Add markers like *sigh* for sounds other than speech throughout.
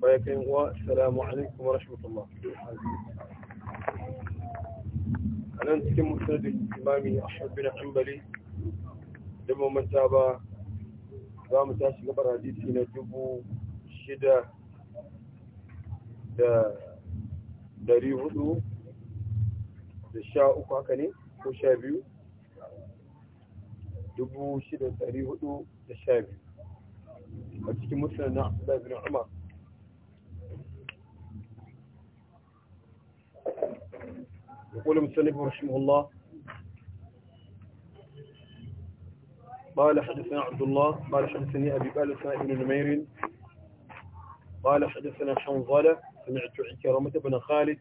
bayakin wa assalamu alaikum wa rahmatullah anan cikin musulun imami ahmad bin hanbali da mamanta ba za mu tashi gabar hadisi na dubu shida da dari hudu da sha uku haka ne ko sha biyu dubu shida dari hudu da sha biyu a cikin يقول المسلم رحمه الله قال حدثنا عبد الله قال حدثني أبي قال حدثنا ابن نمير قال حدثنا حنظلة سمعت عكرمة بن خالد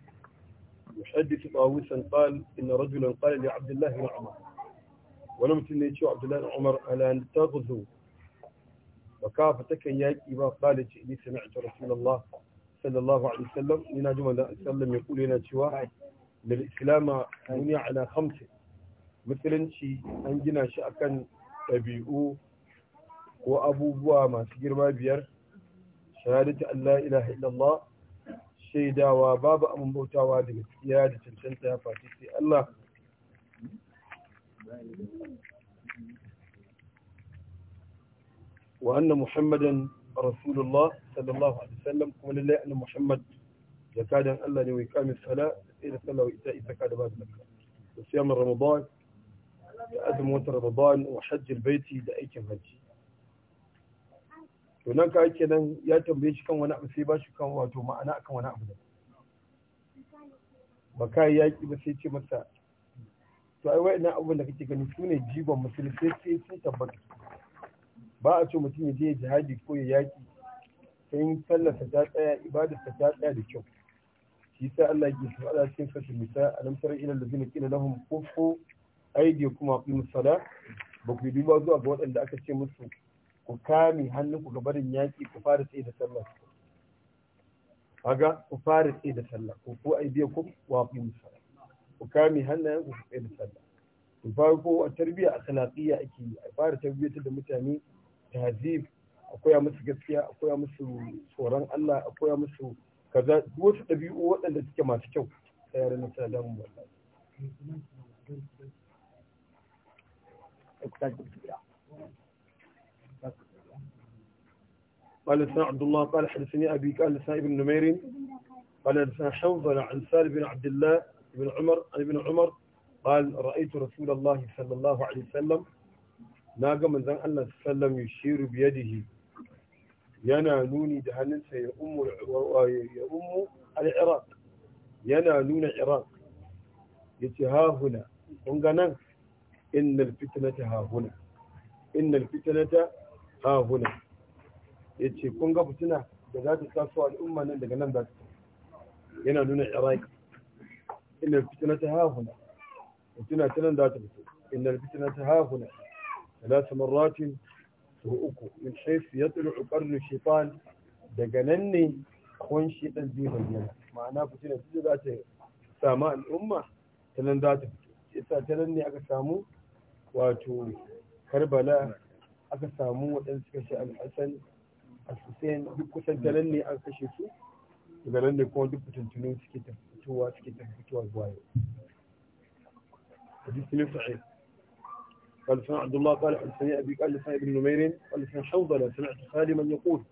محدث طاووسا قال إن رجلا قال لعبد الله بن عمر ولم تنيتشو عبد الله بن عمر ألا أن تغزو وكافتك ياكي ما قال جئني سمعت رسول الله صلى الله عليه وسلم لنا جمع سلم يقول لنا شواء للإسلام ان الاسلام على خمسه مثلا شي انجنا شي اكن طبيعو وأبو ابو سير ما بير شهاده ان لا اله الا الله شيدا وباب امن بوتا وادي سياده تنتنت يا الله وان محمدا رسول الله صلى الله عليه وسلم قول لله ان محمد يكاد ان الله يقام الصلاه إذا صلوا إتاء الزكاة بعد مكة وصيام رمضان أزم وتر رمضان وحج البيت da aikin hajji. to nan ka ake nan ya tambaye shi kan wani abu sai ba shi kan wato ma'ana kan wani abu da ba ka yi yaƙi ba sai ce masa to ai wa'ina abin da kake gani sune jigon musulmi sai sai tabbata ba a so mutum ya je jihadi ko ya yaƙi sai sallar ta tsaya ibadarsa ta tsaya da kyau yasa Allah ke faɗa cikin suratul nisa alam tara ila allazina qila lahum kuffu aydiyakum kuma aqimus musala ba ku duba zuwa ga waɗanda aka ce musu ku kame hannunku ga barin yaƙi ku fara tsaye da sallah kaga ku fara tsaye da sallah ku ku aydiyakum wa aqimus salat ku kame hannayen ku tsaye da sallah ku ko a tarbiyya akhlaqiyya ake yi a fara tarbiyyar da mutane tahzib a koya musu gaskiya akwai koya musu tsoron Allah akwai koya musu kaza wasu ɗabi'u waɗanda suke masu kyau a yaran nan suna damun قال لسان عبد الله قال حدثني أبي قال لسان ابن نمير قال لسان حوض عن سال بن عبد الله بن عمر عن ابن عمر قال رأيت رسول الله صلى الله عليه وسلم ناقم من ذن الله صلى الله عليه وسلم يشير بيده yana nuni da hannunsa ya ummu ya ummu al yana nuna iraq yace ha huna kun ga nan innal fitnata ha huna innal fitnata ha huna yace kun ga fitina da za ta taso al'umma nan daga nan za ta yana nuna iraq innal fitnata ha huna fitina ta nan za ta fito innal fitnata ha huna ثلاث مرات to uku min haifu ya tsulu ƙarnu shefan daga nan ne kwan shi ɗan zai bayyana ma'ana fitina da za ta samu al'umma ta nan za ta fito isa ta nan ne aka samu wato karbala aka samu waɗansu kashe al'asan al-hussein duk kusan ta nan ne an kashe su daga nan ne kuma duk fitintunu suke ta fitowa suke ta fitowa zuwa yau. Hadisi ne sa'i. قال لسنا عبد الله قال حدثني أبي قال لسان ابن نمير قال لسان حوضلة سمعت سالما يقول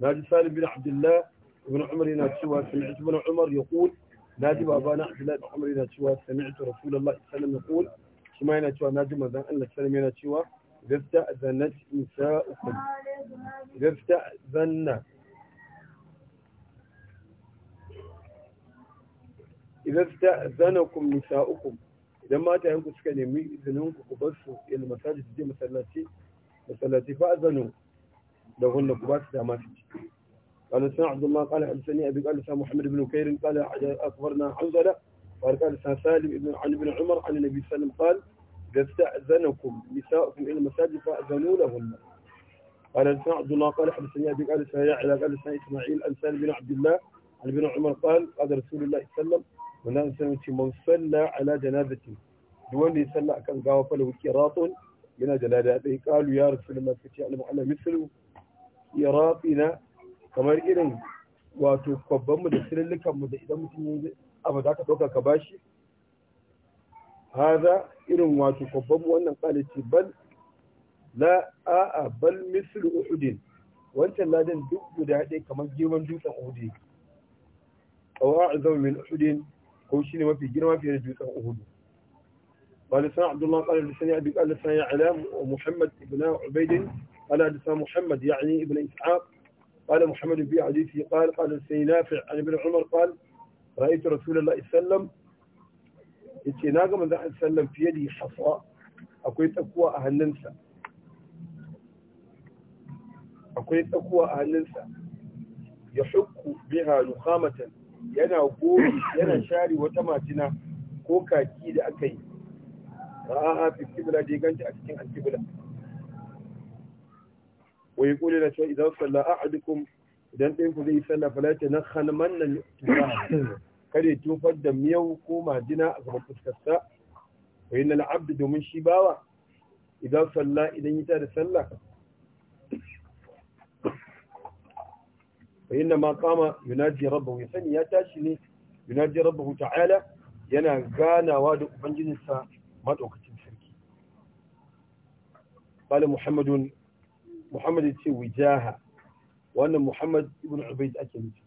نادي سالم بن عبد الله ابن عمر ناتشوها سمعت ابن عمر يقول نادي بابانا عبد الله بن عمر ناتشوها سمعت رسول الله صلى الله عليه وسلم يقول شما ناتشوها نادي ماذا أن سالم ناتشوها إذا استأذنت نساؤكم إذا استأذن إذا استأذنكم نساؤكم idan matayenku suka nemi izininku ku bar su il masajid je masallaci masallaci fa azanu da hunna ku ba su dama su ci قال سنا عبد الله قال حدثني ابي قال سنا محمد بن كير قال اخبرنا حنظله قال قال سنا سالم بن عن ابن عمر عن النبي صلى الله عليه وسلم قال اذا استاذنكم نساؤكم الى المساجد فاذنوا لهن قال سنا عبد الله قال حدثني ابي قال سنا يعلى قال سنا اسماعيل عن سالم بن عبد الله عن ابن عمر قال قال رسول الله صلى الله عليه وسلم wannan sun ce man salla ala janazati duk wanda ya salla akan gawa fa lahu qiratun yana da lada dai qalu ya rasulullah kace al mu'alla mislu qiratina kamar irin wato kwabban mu da sirrukan mu da idan mutum ya abu da ka dauka ka bashi haza irin wato kwabban mu wannan qalace bal la a'a bal mislu uhudin wancan ladan duk guda ɗaya kamar girman dutsen uhudi Awa a'zam min uhudin ko في mafi girma fiye da dutsen أهود قال سنا عبد الله قال لسنا أبي قال لسنا علام ومحمد ابن عبيد قال لسنا محمد يعني ابن إسحاق قال محمد بن حديثه قال قال لسنا نافع عن ابن عمر قال رأيت رسول الله صلى الله عليه وسلم اتناقى من ذا وسلم في يدي حصى أكويت أقوى أهل ننسى أكويت أقوى أهل ننسى يحك بها نخامة yana goyi yana share wata majina ko kaki da aka yi a fi kibla da ya ganta a cikin alkibla wa ya na idan salla a adukum idan ɗin ku zai yi salla falata na halman nan kare tufar da miyau ko majina a gaban fuskarsa Wai na la'abdu domin shi bawa idan salla idan yi ta da sallah fa inna ma qama yunaji rabbahu sani ya tashi ne yunaji rabbahu ta'ala yana ganawa da ubangijinsa madaukakin sarki qala muhammadun muhammad yace wijaha wannan muhammad ibn ubayd ake nufi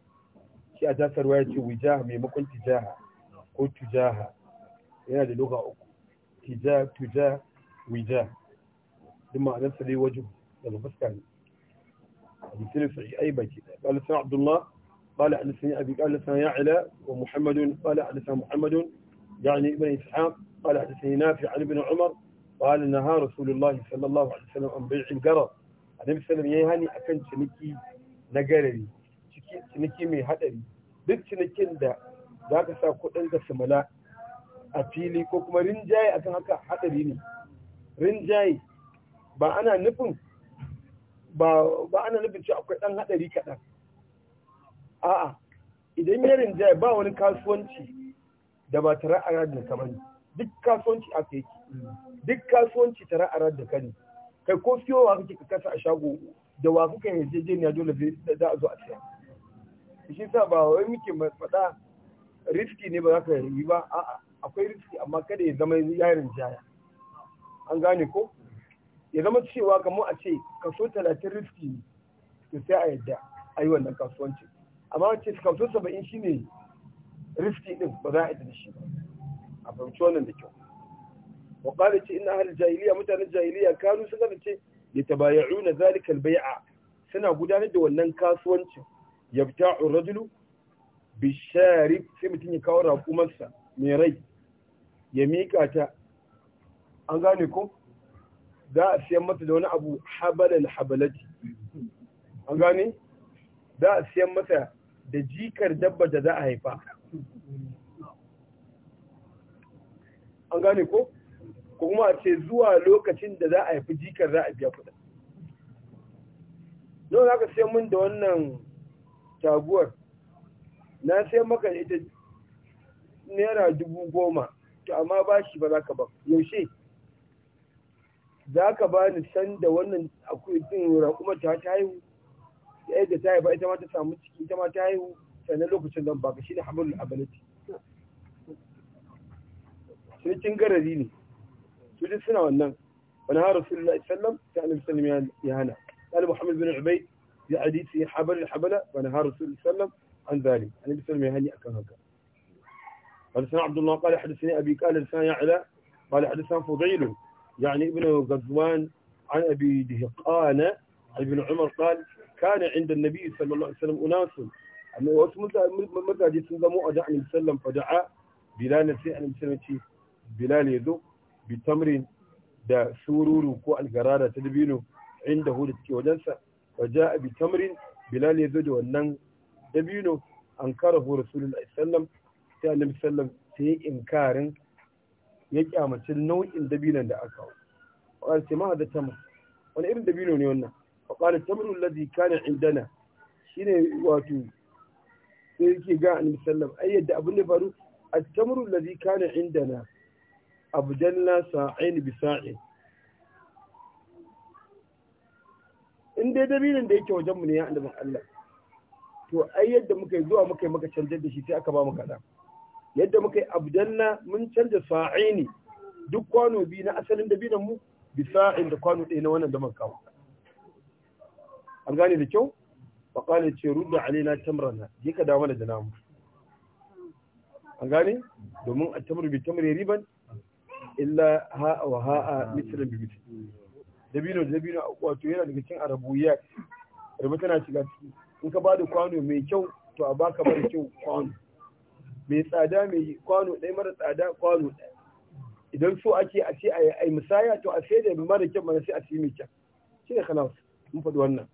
shi a tasarwa ce wijaha maimakon tijaha ko tujaha yana da lugha uku tija tuja wija duk ma'anarsa dai wajen daga fuska حديثين صحيح أي بيت قال لسنا عبد الله قال حدثني أبي قال لسنا يعلى ومحمد قال حدثنا محمد يعني ابن إسحاق قال حدثني نافع عن ابن عمر قال نهى رسول الله صلى الله عليه وسلم عن بيع القرض النبي صلى الله عليه وسلم akan ciniki na garari ciniki mai hadari duk cinikin da za ka sa kudin ka simula a fili ko kuma rinjaye akan haka hadari ne rinjaye ba ana nufin ba ana nufin cewa akwai dan hadari kaɗan a'a idan ya rinjaya ba wani kasuwanci da ba tara a radin ka bane duk kasuwanci a kai duk kasuwanci tara a radin ka ne kai ko siyo wa kake ka kasa a shago da wa kuka yarjejeniya dole da za a zo a siya shi sa ba wai muke faɗa riski ne ba za ka yi ba a'a akwai riski amma kada ya zama yarin jaya an gane ko ya zama cewa kamar a ce kaso talatin riski ne to sai a yadda a yi wannan kasuwancin amma wace kaso saba'in shi ne riski din ba za a yi da shi ba a fahimci wannan da kyau wa ƙara ce ina hal jahiliya mutanen jahiliya kanu sun ce ya tabaya'u na zalikal bai'a suna gudanar da wannan kasuwancin a rajulu bishari sai mutum ya kawo raƙumarsa mai rai ya miƙa ta an gane ko za a siyan mata da wani abu habalan habalati an gane za a siyan mata da jikar dabba da za a haifa an gane ko ko kuma a ce zuwa lokacin da za a haifi jikar za a biya kuɗin don za ka siyan min da wannan taguwar na sai maka ita naira dubu goma to amma ba shi ba za ka ba yaushe za ka ba ni san da wannan akwai din raƙuma ta ta haihu sai da ta haifa ita ma ta samu ciki ita ma ta haihu sannan lokacin zan baka shine hamlul abalati sai kin garari ne su duk suna wannan wani har rasulullahi sallam ta annabi sallam ya hana قال محمد بن عبيد ya حديثه حبل الحبلة ونهى رسول الله صلى الله عليه وسلم عن ذلك النبي صلى الله عليه وسلم كان هكذا قال سنة عبد الله قال حدثني أبي قال لسان يعلى قال حدثنا فضيل يعني ابن غزوان عن أبي دهقان عن ابن عمر قال كان عند النبي صلى الله عليه وسلم أناس أما واسم مزاجي سنزمو أدعى النبي صلى الله عليه وسلم فدعا بلال نسيء النبي صلى الله عليه وسلم بلال يذو بتمر da sururu ko algarara ta dabino inda hudu suke wajensa wa ja'a bi tamrin bilal ya zo da wannan dabino an kara hu rasulullahi sallam sai annabi sallam sai inkarin ya kyamaci nau'in dabinon da aka hau. qala sai ma da tamar, wani irin dabino ne wannan wa tamar tamrul kanin kana indana shine wato sai yake ga annabi sallam ai yadda abin da faru at-tamrul ladhi kana indana na sa'in bi sa'in in dai dabinin da yake wajenmu ne ya annabin Allah to ai yadda muka yi zuwa muka yi maka canjar da shi sai aka ba mu kaɗa. yadda muka yi abdanna mun canza fa'ini duk kwano biyu na asalin dabinan mu bi sa'in da kwano ɗaya na wannan da muka kawo an gane da kyau fa qala ce rudda alina tamrana ji ka dawo mana da namu an gane domin a tamar bi tamri riban illa ha wa ha'a mitran bi da dabino dabino wato yana daga cikin arabuyya rubuta na shiga in ka da kwano mai kyau to a baka bari kyau kwano mai tsada mai kwano ɗaya mara tsada kwano ɗaya idan so ake a ce a yi misaya to a sai da mara kyan mana sai a ce mai kyan shi ne khalas mun faɗi wannan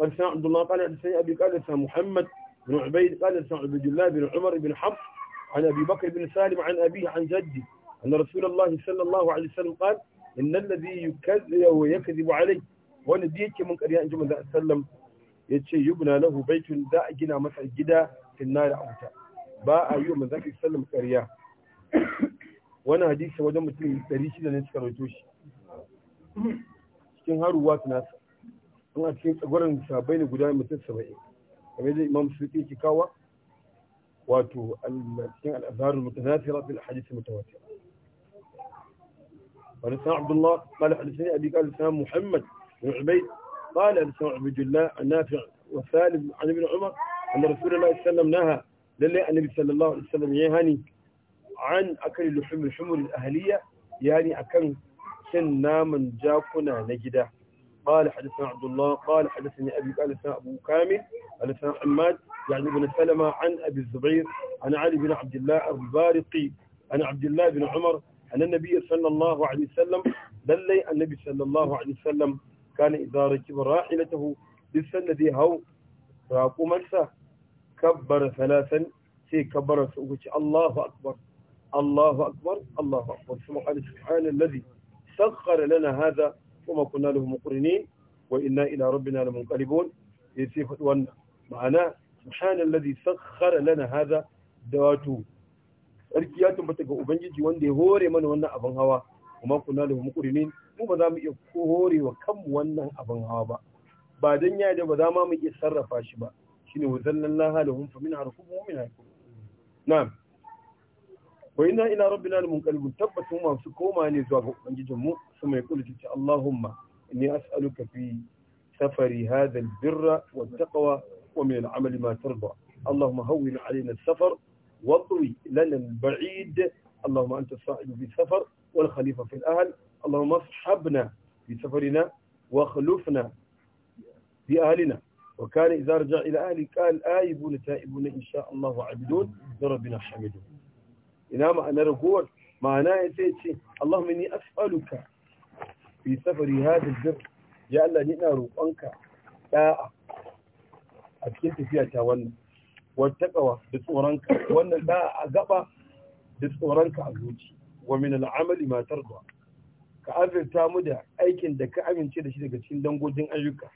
قال Abdullah قال حدثني أبي قال Muhammad بن عبيد قال عبد الله بن عمر بن حفص عن أبي بكر بن سالم عن أبيه عن جدي أن رسول الله صلى الله عليه وسلم قال إن الذي يكذب عليه wani da yake mun ƙarya in ji sallam yace yubna lahu baitun a gina masa gida finna a wuta ba a yi wa manzo Allah sallam ƙarya wannan hadisi wajen mutum 600 ne suka rawaito shi cikin haruwa tunasa in a cikin tsagwaron sabai ne guda mutum 70 kamar da imam su yake kawa wato cikin al'azhar al-mutanasira bil hadith mutawatir قال سنا عبد الله قال حدثني ابي قال سنا محمد بن عبيد قال سنا عبد الله النافع وسالم عن ابن عمر ان رسول الله صلى الله عليه وسلم نهى lallai annabi sallallahu alaihi wasallam ya hani an akali luhumul humur ahliya yani akan cin naman jakuna na gida قال حدثنا عبد الله قال حدثني أبي قال حدثنا أبو كامل قال حدثنا حماد يعني بن سلمة عن أبي الزبير عن علي بن عبد الله البارقي عن عبد الله بن عمر أن النبي صلى الله عليه وسلم بل النبي صلى الله عليه وسلم كان إذا ركب راحلته للسنة ذي هو راقو مرسى kabbara salasan sai kabbara su uku ce Allahu akbar Allahu akbar Allahu akbar kuma qala subhanallazi sakhkhara lana hadha kuma kunna lahu muqrinin wa inna ila rabbina lamunqalibun yace fadi wannan ma'ana subhanallazi sakhkhara lana hadha da wato sarki ya tabbata ga ubangiji wanda ya hore mana wannan abin hawa kuma kunna lahu muqrinin mu ba za mu iya horewa kanmu wannan abin hawa ba ba dan ya da ba za mu iya sarrafa shi ba shine wazallalnaha lahum faminha rakubuhum wa minha yakulun na'am wa inna ila rabbina lamunqalibun tabbatu ma su koma ne zuwa ga ubangijin mu kuma ya kula tace Allahumma inni as'aluka fi safari hadha albirra wattaqwa wa min al'amali ma tarda اللهم هون علينا السفر واطوي لنا البعيد اللهم أنت الصاحب في السفر والخليفة في الأهل اللهم اصحبنا في سفرنا واخلفنا في أهلنا وكان إذا رجع إلى أهلي قال آيبون تائبون إن شاء الله وعبدون لربنا حمدون إنما معنى رغور معناه يتيتي اللهم إني أسألك في سفري هذا البر يا الله نئنا روقانك داء أتكنت فيها تاوانا والتقوى بصورانك وانا داء أقبى بصورانك أزوجي ومن العمل ما ترضى ka azurta mu da aikin da ka amince da shi daga cikin dangogin ayyuka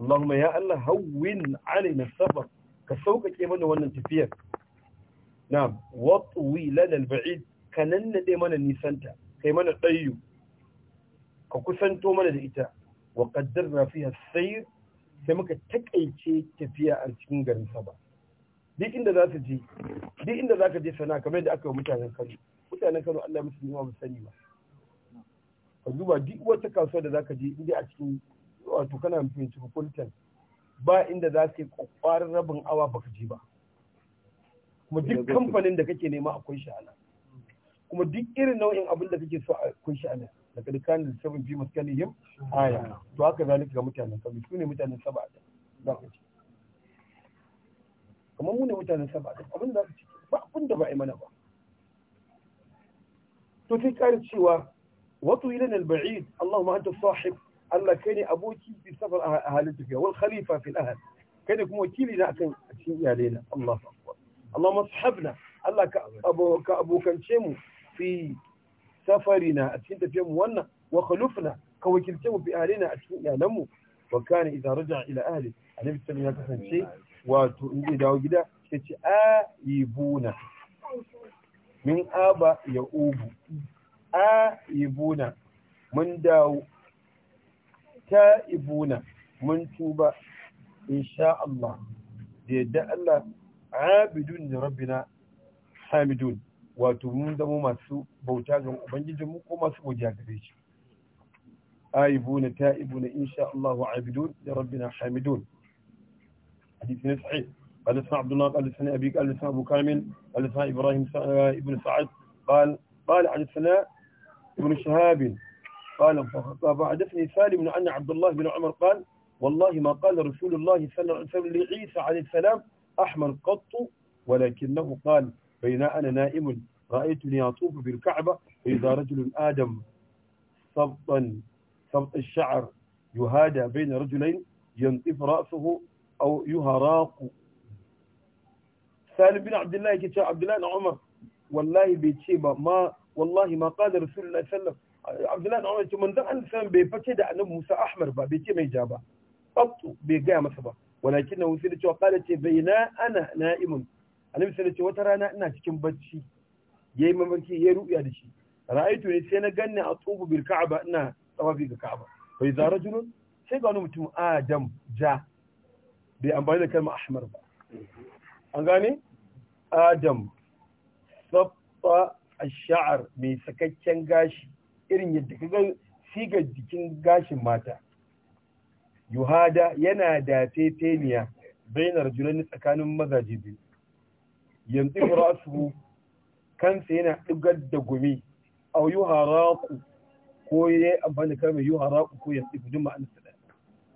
Allahumma ya Allah hawwin alaina safar ka sauƙaƙe mana wannan tafiyar na'am watwi lana al-ba'id ka dai mana nisanta kai mana ɗayyu ka kusanto mana da ita wa qaddarna fiha sayr sai muka takaice tafiya a cikin garin Saba duk inda za su je duk inda za ka je sana kamar yadda aka yi mutanen Kano mutanen Kano Allah musu ma musani ba ka duba duk wata kasuwa da za ka je inda a cikin wato kana mai hukuntan ba inda za ka yi kwakwarin rabin awa baka ji ba kuma duk kamfanin da kake nema akwai shi ana kuma duk irin nau'in abin da kake so akwai shi ana da kalkan da sabon fi maskanihim aya to haka zalika ga mutanen kabi su ne mutanen saba da za ka ce kamar mu ne mutanen saba da abin da za ka ba abin da ba a yi mana ba to sai kare cewa wato ilan al-ba'id Allahumma anta sahib Allah kai ne aboki fi safar a halin tafiya wal khalifa fil ahad kai ne kuma wakili na akan cikin iyalai na Allahu akbar Allah mashabna Allah ka ka abokance mu fi safarina a cikin tafiyar mu wannan wa khulufna ka wakilce mu fi ahlina a cikin iyalan mu wa kana idza raja'a ila ahli annabi sallallahu alaihi ya kasance wato in zai dawo gida sai ce buna min aba ya ubu a yi buna mun dawo ta'ibuna mun tuba insha Allah da yadda Allah abidun da rabbina hamidun wato mun zama masu bauta ga ubangijinmu ko masu godiya gare shi aibuna ta'ibuna insha Allah abidun rabbina hamidun hadisi ne sahih قال اسمع عبد الله قال اسمع أبي قال اسمع أبو كامل قال اسمع إبراهيم ابن سعد قال قال عن ابن شهاب قال فحدثني سالم عن عبد الله بن عمر قال والله ما قال رسول الله صلى الله عليه وسلم لعيسى عليه السلام أحمر قط ولكنه قال بين أنا نائم رأيتني أطوف بالكعبة فإذا رجل آدم سبطا سبط الشعر يهادى بين رجلين ينطف رأسه أو يهراق سالم بن عبد الله كتاب عبد الله بن عمر والله بيتشيبه ما والله ما قال رسول الله صلى الله عليه وسلم abdullahi da ce mun Allah san bai fice da annabi Musa Ahmad ba bai ce mai ja ba qattu bai gaya masa ba walakin na wusi da cewa kada ce baina ana na'imun annabi sai ce wata rana ina cikin bacci yayi mamarki yayi ru'ya da shi Ra'aytu ne sai na ganni a tsubu bil ka'aba ina tsawafi ga ka'aba bai zara junun sai ga wani mutum adam ja bai amfani da kalmar Ahmad ba an gane adam sabba a sha'ar mai sakakken gashi irin yadda ka ga sigar jikin gashin mata yuhada yana da teteniya bainar julani tsakanin mazaje biyu yanzu rasu kansa yana ɗigar da gumi a haraku ko ya yi amfani da yi haraku ko yanzu gudun ma'anar sada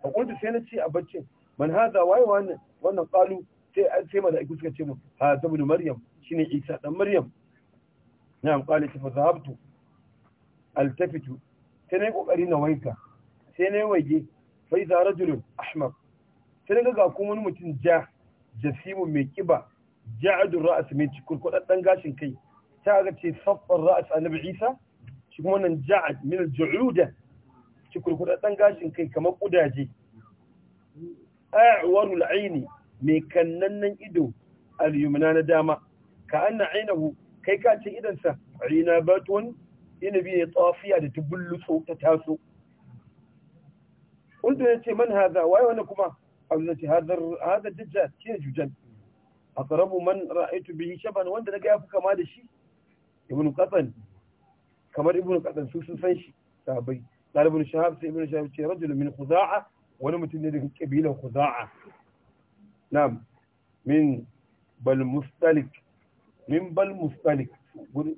a kuntu sai na ce a bacci man haza waye wannan wannan kalu sai an sai mala'iku suka ce mu ha zabnu maryam shine isa dan maryam Na na'am shi fa zahabtu altafitu sai na yi ƙoƙari na waika sai na yi waige fai zara rajulun ahmad sai na ga kuma wani mutum ja jasimu mai kiba ja'adun ra'as mai cikin kuɗaɗɗen gashin kai ta ga ce saffar ra'as a isa shi kuma wannan ja'ad min ju'uda cikin gashin kai kamar ƙudaje a'warul aini mai kannannen ido al-yumna na dama ka anna ainahu kai ka ce idansa rina batun inabi ne tsafiya da tubullutso ta taso kuntu ya ce man haza waye wani kuma abin ce haza dajja shi ne jujan a karabu man ra'aitu bihi shaban wanda daga ya fi kama da shi ibnu qatan kamar ibnu qatan su sun san shi sahabbai قال ابن شهاب سي ابن شهاب رجل من خزاعة ونمت من قبيلة خزاعة نعم من بل مستلك min bal مستلك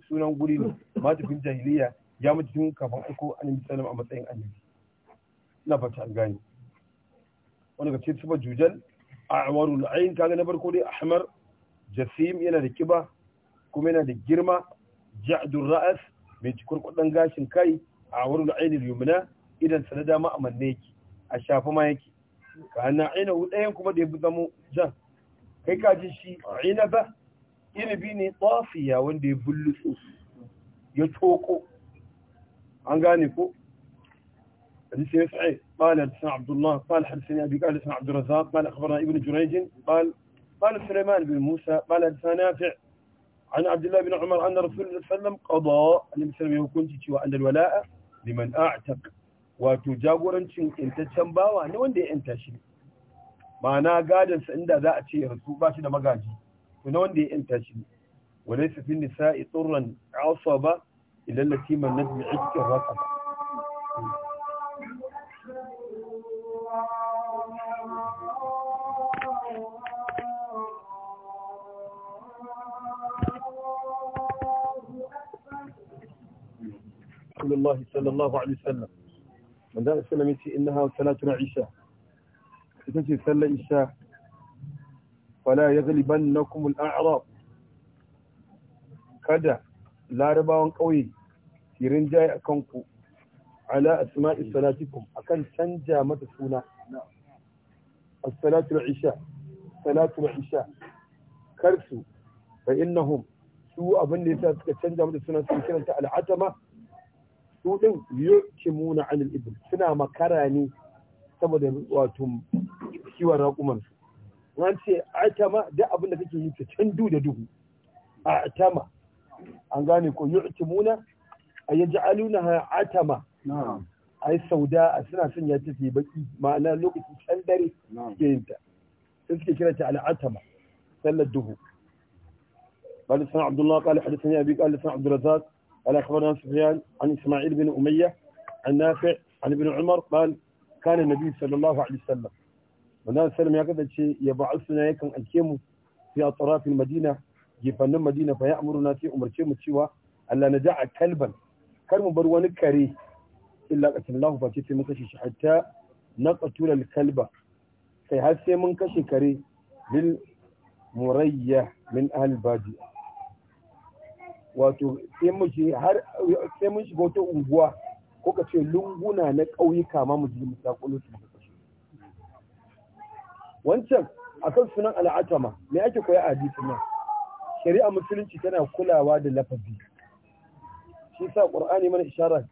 sunan guri ne matafin jahiliya ya mutu tun kafin aiko annabi a matsayin annabi ina fata an gane wani ga cikin sifar jujal a amarul ayin kaga na farko dai ahmar jasim yana da kiba kuma yana da girma Ja'adun ra'as mai cikurkudan gashin kai a amarul ayin yumna idan sa na dama a manne yake a shafa ma yake ka na aina ɗayan kuma da ya zamo jan kai ka ji shi aina ba inabi ne tsafiya wanda ya bullutsu ya toko an gane ko حديث يسعي قال حدثنا عبد الله قال حدثني أبي قال حدثنا عبد الرزاق قال أخبرنا ابن جريج قال قال سليمان بن موسى قال حدثنا نافع عن عبد الله بن عمر أن رسول الله صلى الله عليه وسلم قضى أن صلى يكون عليه وأن الولاء لمن أعتق وتجاورن أنت تشنبا وأنا وين أنت شيء ma'ana gadinsa inda za a ce rasu ba shi da كنوندي انتشن وليس في النساء طرا عصبة إلا التي من نجم عجك الرقبة رسول الله صلى الله عليه وسلم من دار السلام يتي إنها ثلاثة عيشة تتجي ثلاثة عشاء fala ya ban na kumul arab kada larabawan ƙauye shirin jaye a kanku ala asma'i salatikum kan canja mata suna A salatul isha salatul isha karsu fa innahum su abin da yasa suka canja mata suna su kiranta al'atama su din Muna anil ibn suna makara ne saboda wato kiwon raƙumansu wani ce atama da abin da kake yi ka candu da duhu atama an gane ko yu'timuna ayaj'aluna atama na'am ai sauda a suna son ya tafi baki ma'ana lokaci can dare suke yin ta sai suke kiranta al'atama sallar duhu قال سمع عبد الله قال حدثني ابي قال سمع عبد الرزاق قال اخبرنا سفيان عن اسماعيل بن اميه عن نافع عن ابن عمر قال كان النبي صلى الله عليه وسلم manzo sallam ya kasance ya ba'asuna yakan aike mu fi atrafil madina gefannin madina fa ya'muruna sai umarce mu cewa Allah na ja'a kalban kar mu bar wani kare illa qatallahu fa sai mun kashe shi hatta naqatul kalba sai har sai mun kashe kare bil murayya min ahl badi wato sai mun shi har sai mun shiga wata unguwa ko ka ce lunguna na ƙauyuka ma mu ji mu sakulu su wancan akan sunan al'atama me ake koya a hadisin nan shari'a musulunci tana kulawa da lafazi shi sa qur'ani mana isharar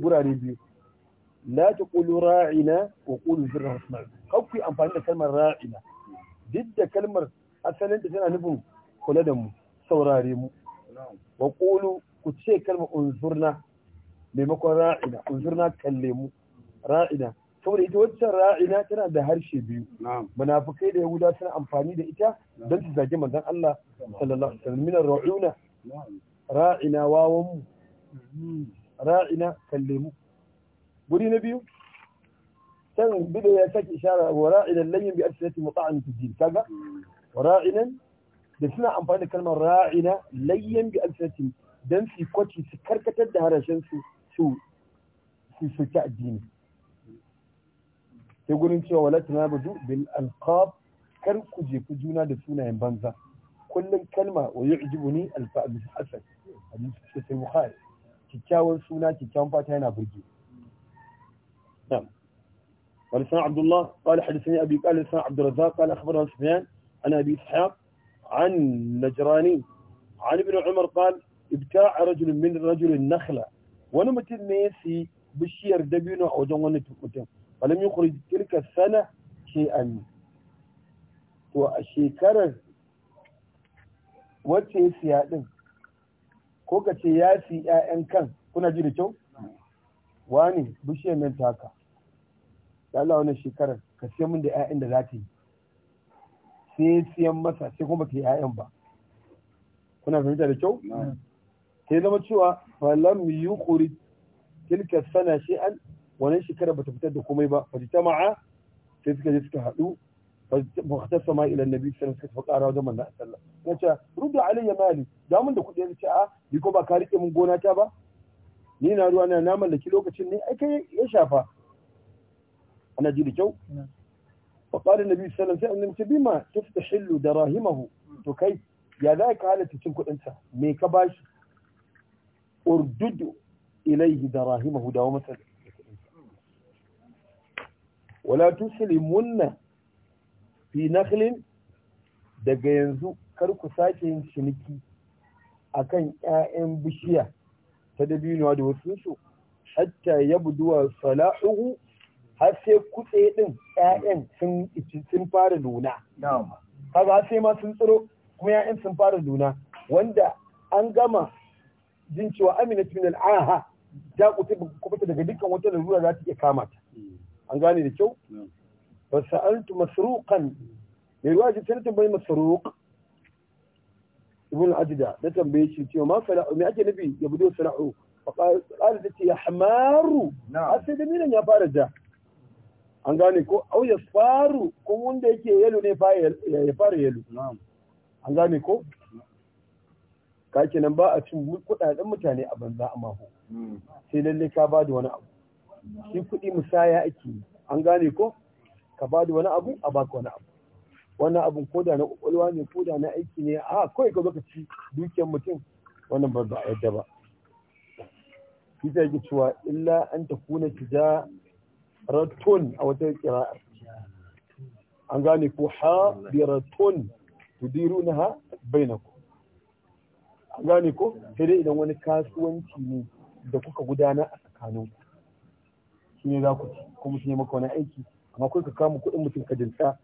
gurare biyu la taqulu ra'ina wa qulu zirra wasma kakku amfani da kalmar ra'ina duk da kalmar asalin da tana nufin kula da mu saurare mu wa qulu ku ce kalmar unzurna maimakon ra'ina unzurna kalle mu ra'ina saboda ita waccan ra'ina tana da harshe biyu munafikai da yahuda suna amfani da ita don su zage manzon Allah sallallahu alaihi wasallam min ra'una ra'ina wawan mu ra'ina kalle mu guri na biyu san bida ya saki ishara wa ra'inan layyin bi arsalati muta'an tijil kaga hmm. wa ra'inan da suna amfani da kalmar ra'ina layyin bi arsalati dan su kwaci su karkatar da harashen su su su addini sai gurin cewa wala tunabadu bil alqab kar ku jefi juna da sunayen banza kullum kalma wa yu'jibuni al fa'l hasan hadisi ce sai bukhari kikkiawar suna kikkiawan fata yana burge na'am قال سنا عبد الله قال حدثني أبي قال سنا عبد الرزاق قال أخبرنا سفيان عن أبي إسحاق عن نجراني عن ابن عمر قال ابتاع رجل من رجل النخلة ونمت الناس بشير falam yukhrij tilka sana shay'an to a shekarar wacce ya siya din ko ka ce ya fi ‘ya'yan kan kuna ji da kyau? wani bishiyar nan ta haka ya Allah shekarar ka siya min da ‘ya'yan da za ta yi sai siyan masa sai kuma ta yi ‘ya'yan ba kuna fahimta da kyau? sai zama cewa falon yi kuri tilka sana shi'an. wannan shekara bata fitar da komai ba fa jama'a sai suka je suka haɗu muhtasa ma ila nabi sallallahu alaihi wasallam ƙara wajen manzo sallallahu alaihi wasallam rudda alayya mali da mun da kuɗi yace a ah, ni ko ba ka rike mun gona ta ba ni na ruwa na na mallaki lokacin ne ai kai ya shafa ana ji da kyau fa qala nabi sallallahu alaihi wasallam sai annabi bima tastahillu darahimahu to kai ya za ka halatta cin kuɗin ta me ka bashi urdudu ilaihi darahimahu dawo masa wala tuslimunna fi nakhlin daga yanzu kar ku sake yin ciniki akan ƴaƴan bishiya ta dabinuwa da wasu su hatta yabduwa salahu har sai kutse din ƴaƴan sun sun fara nuna kaga sai ma sun tsiro kuma ƴaƴan sun fara nuna wanda an gama jin cewa Amina min al'aha ta kuma daga dukkan wata lura za ta iya kama ta an gane da kyau ba sa'altu masruqan mai ruwa ce sai tambayi masruq ibn adida na tambaye shi cewa ma sala'u me ake nufi ya bude budo sala'u faƙaƙar da ce ya hamaru a sai da minan ya fara ja an gane ko au ya faru ko wanda yake yalo ne ya fara yalo an gane ko kake nan ba a cin kuɗaɗen mutane a banza a maho hmm. sai lalle ka ba da wani abu shi kuɗi musaya ake an gane ko ka ba da wani abu a baka wani abu wannan abun da na kwakwalwa ne da na aiki ne a kawai ka zaka ci dukiyar mutum wannan ba ba a yadda ba shi ta yake cewa illa an ta kuna tija raton a wata kira'ar an gane ko ha bi raton diru na ha bai na ku an gane ko sai dai idan wani kasuwanci ne da kuka gudana a tsakaninku shi ne za ku ci kuma shi ne maka wani aiki amma kai ka kama kuɗin mutum ka jinta?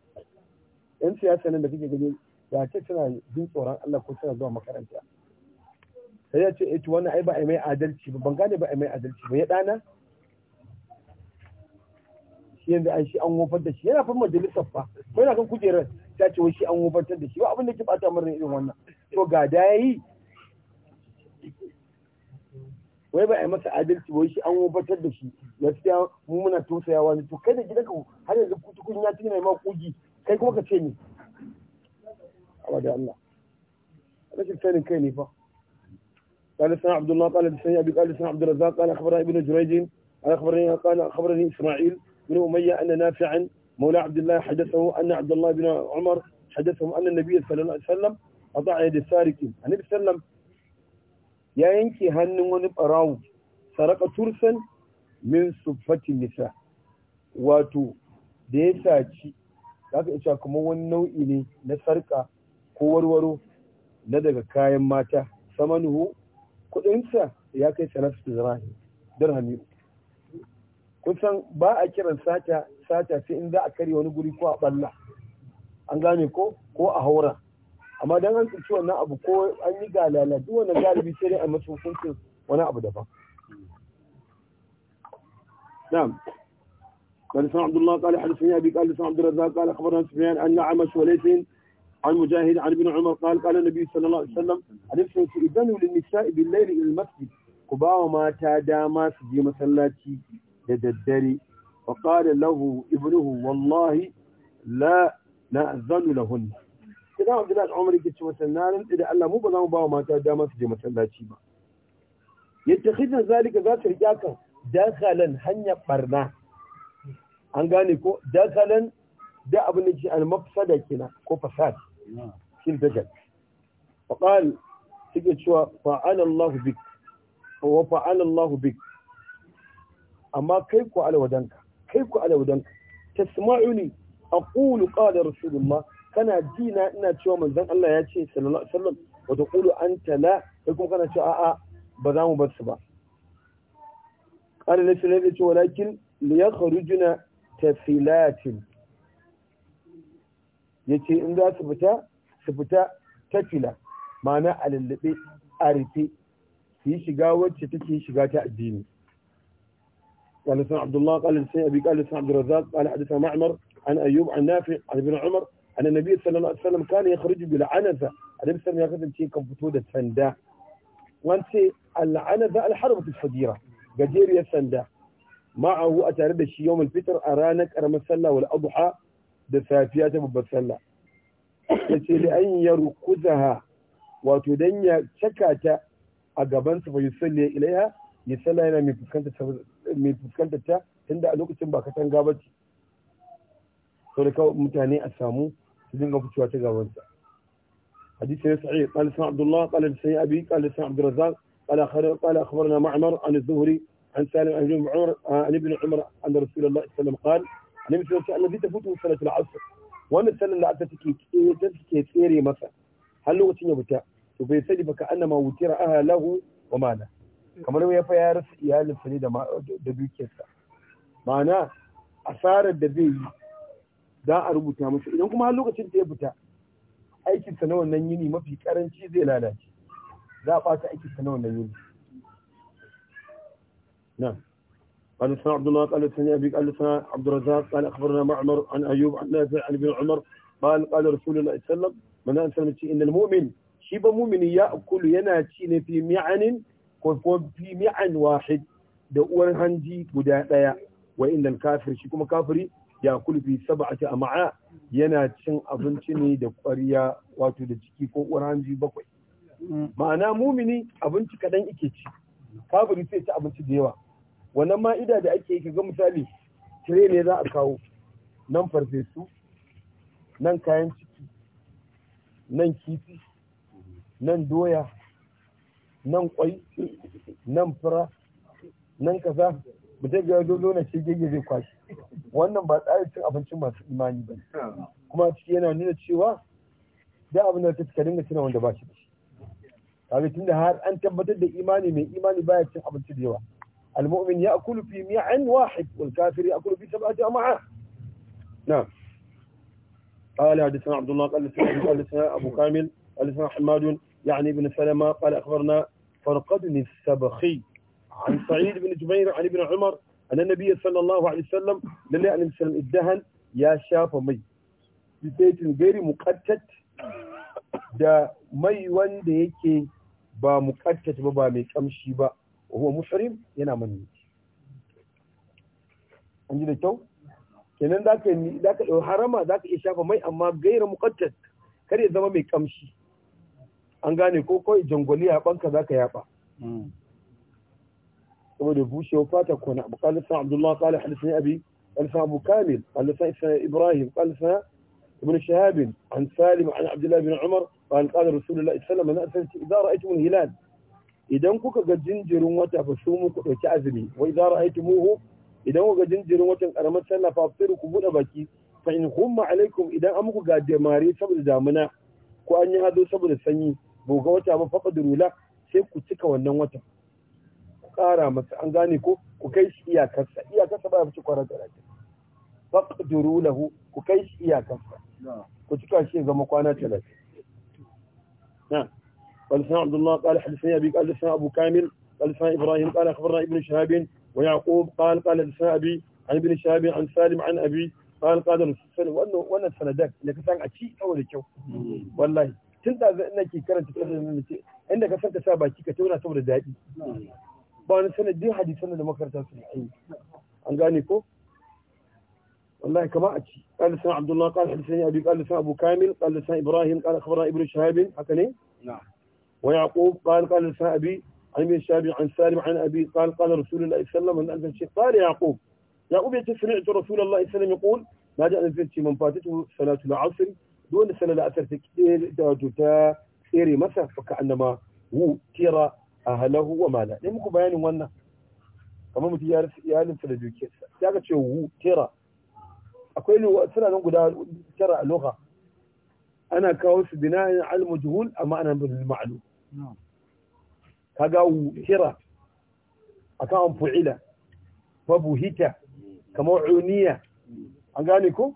yan siyasa nan da kake gani da ce suna jin tsoron Allah ko suna zuwa makaranta sai ya ce eh to wannan ai ba mai adalci ba ban gane ba a mai adalci ba ya dana shi yanzu an shi an wofar da shi yana fa majalisar fa ko yana kan kujerar ta ce wai shi an wofantar da shi ba abin da ke bata murna irin wannan to ga da yayi wai ba a yi masa adalci wai shi an wubatar da shi gaskiya mu muna tausayawa ne to kai da gidanka har yanzu kutukun ya tuna ma kugi kai kuma ka ce ni abada Allah rashin sanin kai ne fa قال سنا عبد الله قال سنا ابي قال سنا عبد الرزاق قال اخبرنا ابن جريج قال اخبرني قال اخبرني اسماعيل بن اميه ان نافعا مولى عبد الله حدثه ان عبد الله بن عمر حدثهم ان النبي صلى الله عليه وسلم قطع يد السارق النبي صلى الله عليه وسلم ya yanke hannun wani ɓarawo saraka tursan min sufatin nisa wato da ya saci za ka isa kuma wani nau'i ne na sarka ko warwaro na daga kayan mata samanuhu kuɗinsa ya kai don hannu. kun kusan ba a kiran sata sata sai in za a karya wani guri ko a ɓalla an gane ko ko a haura amma dan an tsinci wannan abu ko an yi galala duk wannan galibi sai dai a masu hukuncin wani abu daban نعم قال سمع عبد الله قال حدثني ابي قال سمع عبد الرزاق قال اخبرنا سفيان ان عمش وليث عن مجاهد عن ابن عمر قال قال النبي صلى الله عليه وسلم حدثني اذنوا للنساء بالليل الى المسجد قباء ما تاداما سجي مسلاتي لددري وقال له ابنه والله لا لا أذن لهن sai da Abdullahi al'umar yake ce mata na nan da Allah mu ba za mu ba wa mata dama su je masallaci ba yadda khidan zalika za ta riƙa kan dakalan hanya barna an gane ko dakalan da abin da ke al-mafsada kina ko fasad shin dajal fa qal suke cewa fa'ala Allah bik wa fa'ala Allah bik amma kai ku alwadanka kai ku alwadanka tasma'uni aqulu qala rasulullah kana ji na ina cewa manzon Allah ya ce sallallahu alaihi wasallam wa taqulu anta la kai kuma kana cewa a'a ba za mu bar su ba qala la shay'a la cewa lakin li yakhrujuna tafilatin yace in za su fita su fita tafila ma'ana a lullube a rufe su yi shiga wacce take shiga ta addini قال سيدنا عبد الله قال سيدنا أبي قال سيدنا عبد الرزاق قال حدثنا معمر عن أيوب عن نافع عن ابن عمر annan nabi sallallahu alaihi wasallam ya yakhruju bil anaza annabi sallallahu ya kasance kan fito da sanda wance al anaza al harbatu fadira gajeriyar sanda ma'ahu a tare da shi yawmul fitr a ranar karamar sallah wal adha da safiya ta babbar sallah yace li an yarkuzaha wato dan ya caka ta a gaban sa fa yusalli ilaiha ya sallah yana mai fuskantar ta mai tunda a lokacin ba katanga bace mutane a samu dinga fitowa ta gabansa حديث يسعي قال اسمع عبد الله قال لسي أبي قال اسمع عبد الرزاق قال قال أخبرنا معمر عن الزهري عن سالم عن عمر عن ابن عمر أن رسول الله صلى الله عليه وسلم قال النبي صلى الله عليه وسلم الذي تفوته صلاة العصر وأن السنة لا تتكي تيري مثلا هل لغة يبتاع وفي سجد فكأنما وترأها له وماله kamar ya fa ya rasa iyalinsa ne da dukiyarsa ma'ana asarar da zai yi da a rubuta masa idan kuma har lokacin da ya fita aikin sa na wannan yini mafi karanci zai lalace za a fata aikin sa na wannan yini na قال سنة عبد الله قال سنة أبي قال سنة عبد الرزاق قال أخبرنا معمر عن أيوب عن نافع عن ابن عمر قال قال رسول الله صلى الله عليه وسلم من أنسى إن المؤمن شيب مؤمن يأكل يناتين في معن في معن واحد da هنجي بدا guda ɗaya wa inda kafir ya kulfi a ma'ana yana cin abinci ne da ƙwarya wato da ciki ko biyu bakwai ma'ana mumini abinci kaɗan ike ci kafiri sai ci abinci da yawa wannan ma'ida da ake yi ga misali tire ne za a kawo nan farfesu nan kayan ciki nan kifi nan doya nan kwai nan fura nan kaza mutum ya zo zo na shi gege zai kwashi wannan ba tsarin cin abincin masu imani ba kuma ciki yana nuna cewa da abin da ka dinga tuna wanda ba shi da shi kaga tunda har an tabbatar da imani mai imani baya cin abinci da yawa almu'min المؤمن يأكل في ميع واحد والكافر يأكل في سبعة أمعاء نعم قال حدثنا عبد الله قال لسنا قال لسنا أبو كامل قال لسنا حماد يعني بن سلمة قال أخبرنا فرقدني السبخي عن سعيد بن جبير عن ابن عمر annan nabi sallallahu alaihi wasallam lalle alaihi wasallam iddahan ya shafa mai bifetin gairi muqattat da mai wanda yake ba muqattat ba ba mai kamshi ba huwa muhrim yana manni an ji da kyau kenan da ka za ka harama da ka yi shafa mai amma gaira muqattat kar ya zama mai kamshi an gane ko kawai jangwali a banka za ka yaba hmm. saboda bushe fata ko na abdullah kala hadisin abi abu kamil kalisa ibrahim kalisa ابن شهاب عن سالم عن عبد الله بن عمر قال قال رسول الله صلى الله عليه وسلم اذا رايتم الهلال idan kuka ga jinjirin wata fa su muku dauki azumi wa idan ra'aytumuhu idan kuka ga jinjirin watan karamar sallah fa fasiru ku buɗe baki fa in humma alaikum idan an muku ga demare saboda damuna ko an yi hado saboda sanyi ba ga wata ba faqaduru sai ku cika wannan watan tsara masa an gane ko ku kai shi iyakarsa iyakarsa ba ya fice kwarar da faqduru lahu ku kai shi iyakarsa ku cika shi zama kwana 30 na قال سنا عبد الله قال حدثني ابي قال سنا ابو كامل قال سنا ابراهيم قال اخبرنا ابن شهاب ويعقوب قال قال سنا ابي عن ابن شهاب عن سالم عن ابي قال قال سنا وانه وانا سندك انك سان اشي او da kyau tun da nake karanta tsarin nan ce inda ka san ka sa baki saboda dadi ba wani sanadin hadisan da makaranta su yi an gane ko wallahi kama a ci قال سمع عبد الله قال حدثني ابي قال سمع ابو كامل قال سمع ابراهيم قال اخبرنا ابن شهاب حكني نعم ويعقوب قال قال سمع ابي عن ابن شهاب عن سالم عن ابي قال قال رسول الله صلى الله عليه وسلم ان قال يعقوب يعقوب سمعت رسول الله صلى الله عليه وسلم يقول ما جاء نزلت من فاتته صلاه العصر دون سنه لا اثر تكثير تيري مسا فكانما هو كيرا ahlahu wa mala ne muku bayanin wannan kamar mutum ya rufe da dukiyarsa ya ga ce wu tera akwai suna nan guda tara a loka ana kawo su binayen al-majhul amma ana bin ma'lum kaga wu tera akan an fu'ila babu hita kamar uniya an gane ko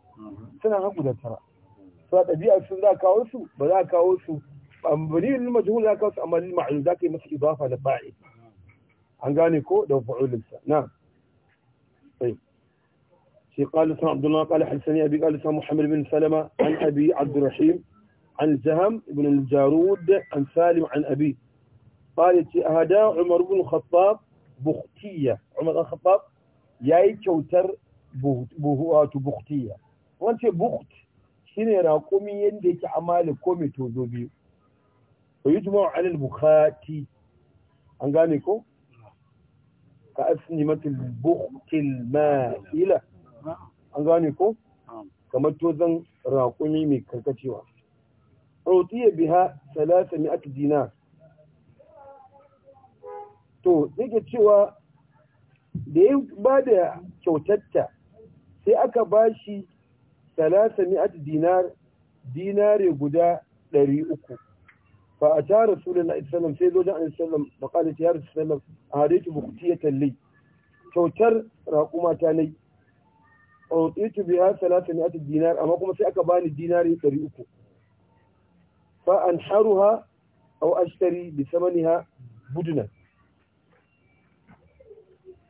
suna nan guda tara su ɗabi'a sun za a kawo su ba za a kawo su فأمري المجهول ذاك أمري المعلوم ذاك مثل إضافة لفاعل عن كو لو فعول لسا نعم طيب شي قال اسمع عبد الله قال حسني أبي قال اسمع محمد بن سلمة عن أبي عبد الرحيم عن الزهم بن الجارود عن سالم عن أبي قال هذا عمر بن الخطاب بختية عمر بن الخطاب ياي كوتر بهوات بختية وانت بخت شنو راكم يندك عمال كومي تو fa yujma'u 'ala al-bukhati an gane ko ka asnimatil bukhtil ma'ila an gane ko kamar tozan raƙumi mai karkacewa rotiya biha salasa mi'at dinar to yake cewa da ya bada da sai aka bashi shi salasa mi'at dinar dinare guda ɗari uku a فأتى رسول الله sai الله عليه وسلم سيدو جاء عليه وسلم فقالت يا رسول الله أهديت بختية لي kyautar raƙuma ta nai utitu biha salasani dinar amma kuma sai aka bani dinari ɗari uku fa an haru ha haruha aw ashtari bi ha buduna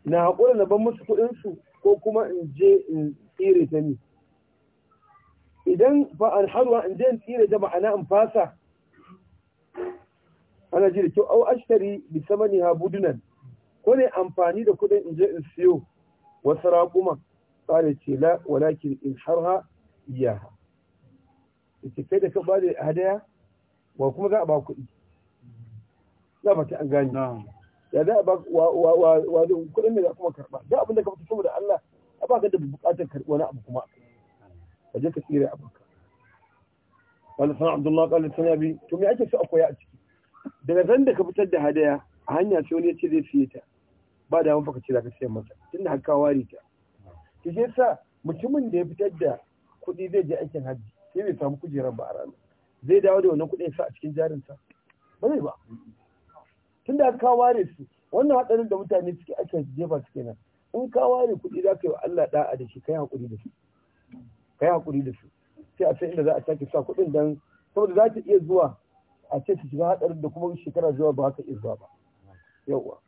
na haƙura na ban musu kuɗinsu ko kuma in je in tsire ta ni idan fa an haru ha in je in tsire ta ma'ana in fasa ana ji da kyau au ashtari bi samani ha budunan ko ne amfani da kuɗin in je in siyo wasu raƙuma tsare ce la walakin in harha iyaha ita kai da ka ba da hadaya wa kuma za a ba kuɗi Za a an gani ya za a ba wa kuɗin ne za kuma karɓa da abin da ka fita saboda Allah a ka da buƙatar karɓi wani abu kuma a je ka tsira a baka قال سنا عبد الله قال سنا me ake so akwai a ciki daga zan da ka fitar da hadaya a hanya ce wani ya ce zai siye ta ba da mafi ce da ka siyan masa tun da haka wari ta ki ce sa mutumin da ya fitar da kuɗi zai je aikin hajji sai bai samu kujerar ba a rana zai dawo da wannan kuɗin sa a cikin jarinsa ba zai ba Tun da haka ware su wannan haɗarin da mutane suke ake jefa su kenan in ka ware kuɗi za ka yi wa Allah da'a da shi yi haƙuri da su yi haƙuri da su sai a san inda za a sake sa kuɗin don saboda za ta iya zuwa a ce su shiga hadarin da kuma shekara zuwa ba haka irra ba yawa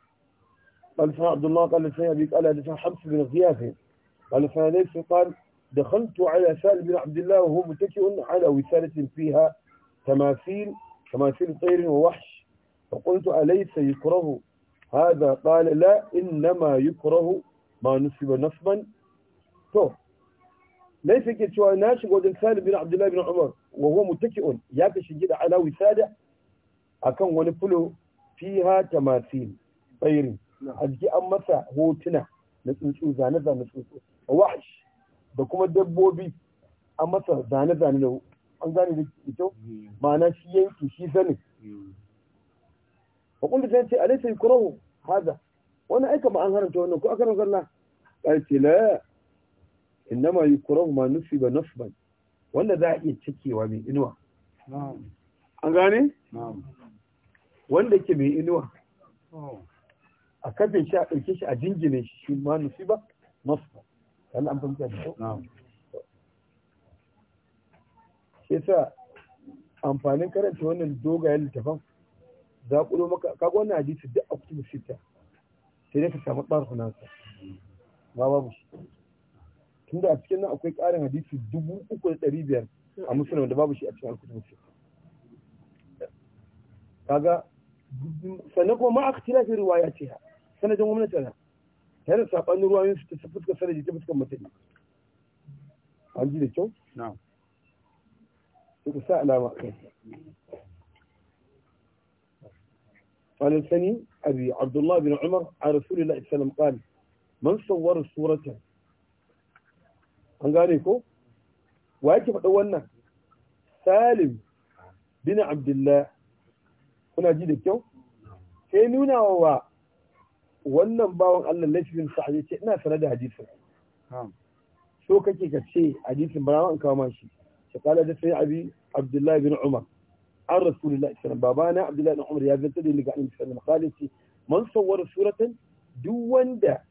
قال عبد الله قال لسيدنا أبي قال لسان حمص بن غياث قال لسان قال دخلت على سال بن عبد الله وهو متكئ على وسالة فيها تماثيل تماثيل طير ووحش فقلت أليس يكره هذا قال لا إنما يكره ما نسب نصبا تو lai cewa na shiga wajen sani bin abdullahi bin umar wa huwa mutaki'un ya ka shigi da ala wisada akan wani fulo fiha tamasil bayri a jiki an masa hotuna na tsuntsu zane zane tsuntsu wahsh da kuma dabbobi an masa zane zane da an gane da kyau ma'ana shi yanki shi sanin wa kullu zan ce alaysa yukrahu hada wannan aika ma an haranta wannan ko aka rantsar na ce la innama yukrahu ma nufi ba nasban wanda za a iya cikewa mai inuwa an gane wanda ke mai inuwa a kafin shi a ɗauke shi a jingine shi shi ma ba nasban kan an fahimta da kyau shi sa amfanin karanta wannan dogayen littafan zaƙulo maka kaga wannan hadisi duk a kutubu sita sai dai ka samu ɗarfi nasa ma babu shi tunda a cikin nan akwai ƙarin hadisi dubu uku da ɗari biyar a musulun da babu shi a cikin alkutun su kaga sannan kuma ma'a kacira fi riwaya ce ha sanadin gwamnati na tare da saɓanin yin su ta fuskar sanadi ta fuskar matani an ji da kyau na sai ku sa alama a kai قال الثاني أبي عبد الله بن عمر عن رسول الله صلى الله عليه وسلم قال من صور صورة an gane ko wa yake faɗa wannan salim bin abdullah kuna ji da kyau sai nuna wa wannan bawan Allah laifin sa ce ina sanar da hadisin so kake ka ce hadisin ba an kawo shi ta kala da sai abi abdullahi bin umar an rasulullahi sallallahu babana abdullahi bin umar ya zanta da ni ga annabi sallallahu alaihi wasallam man sawwara suratan duk wanda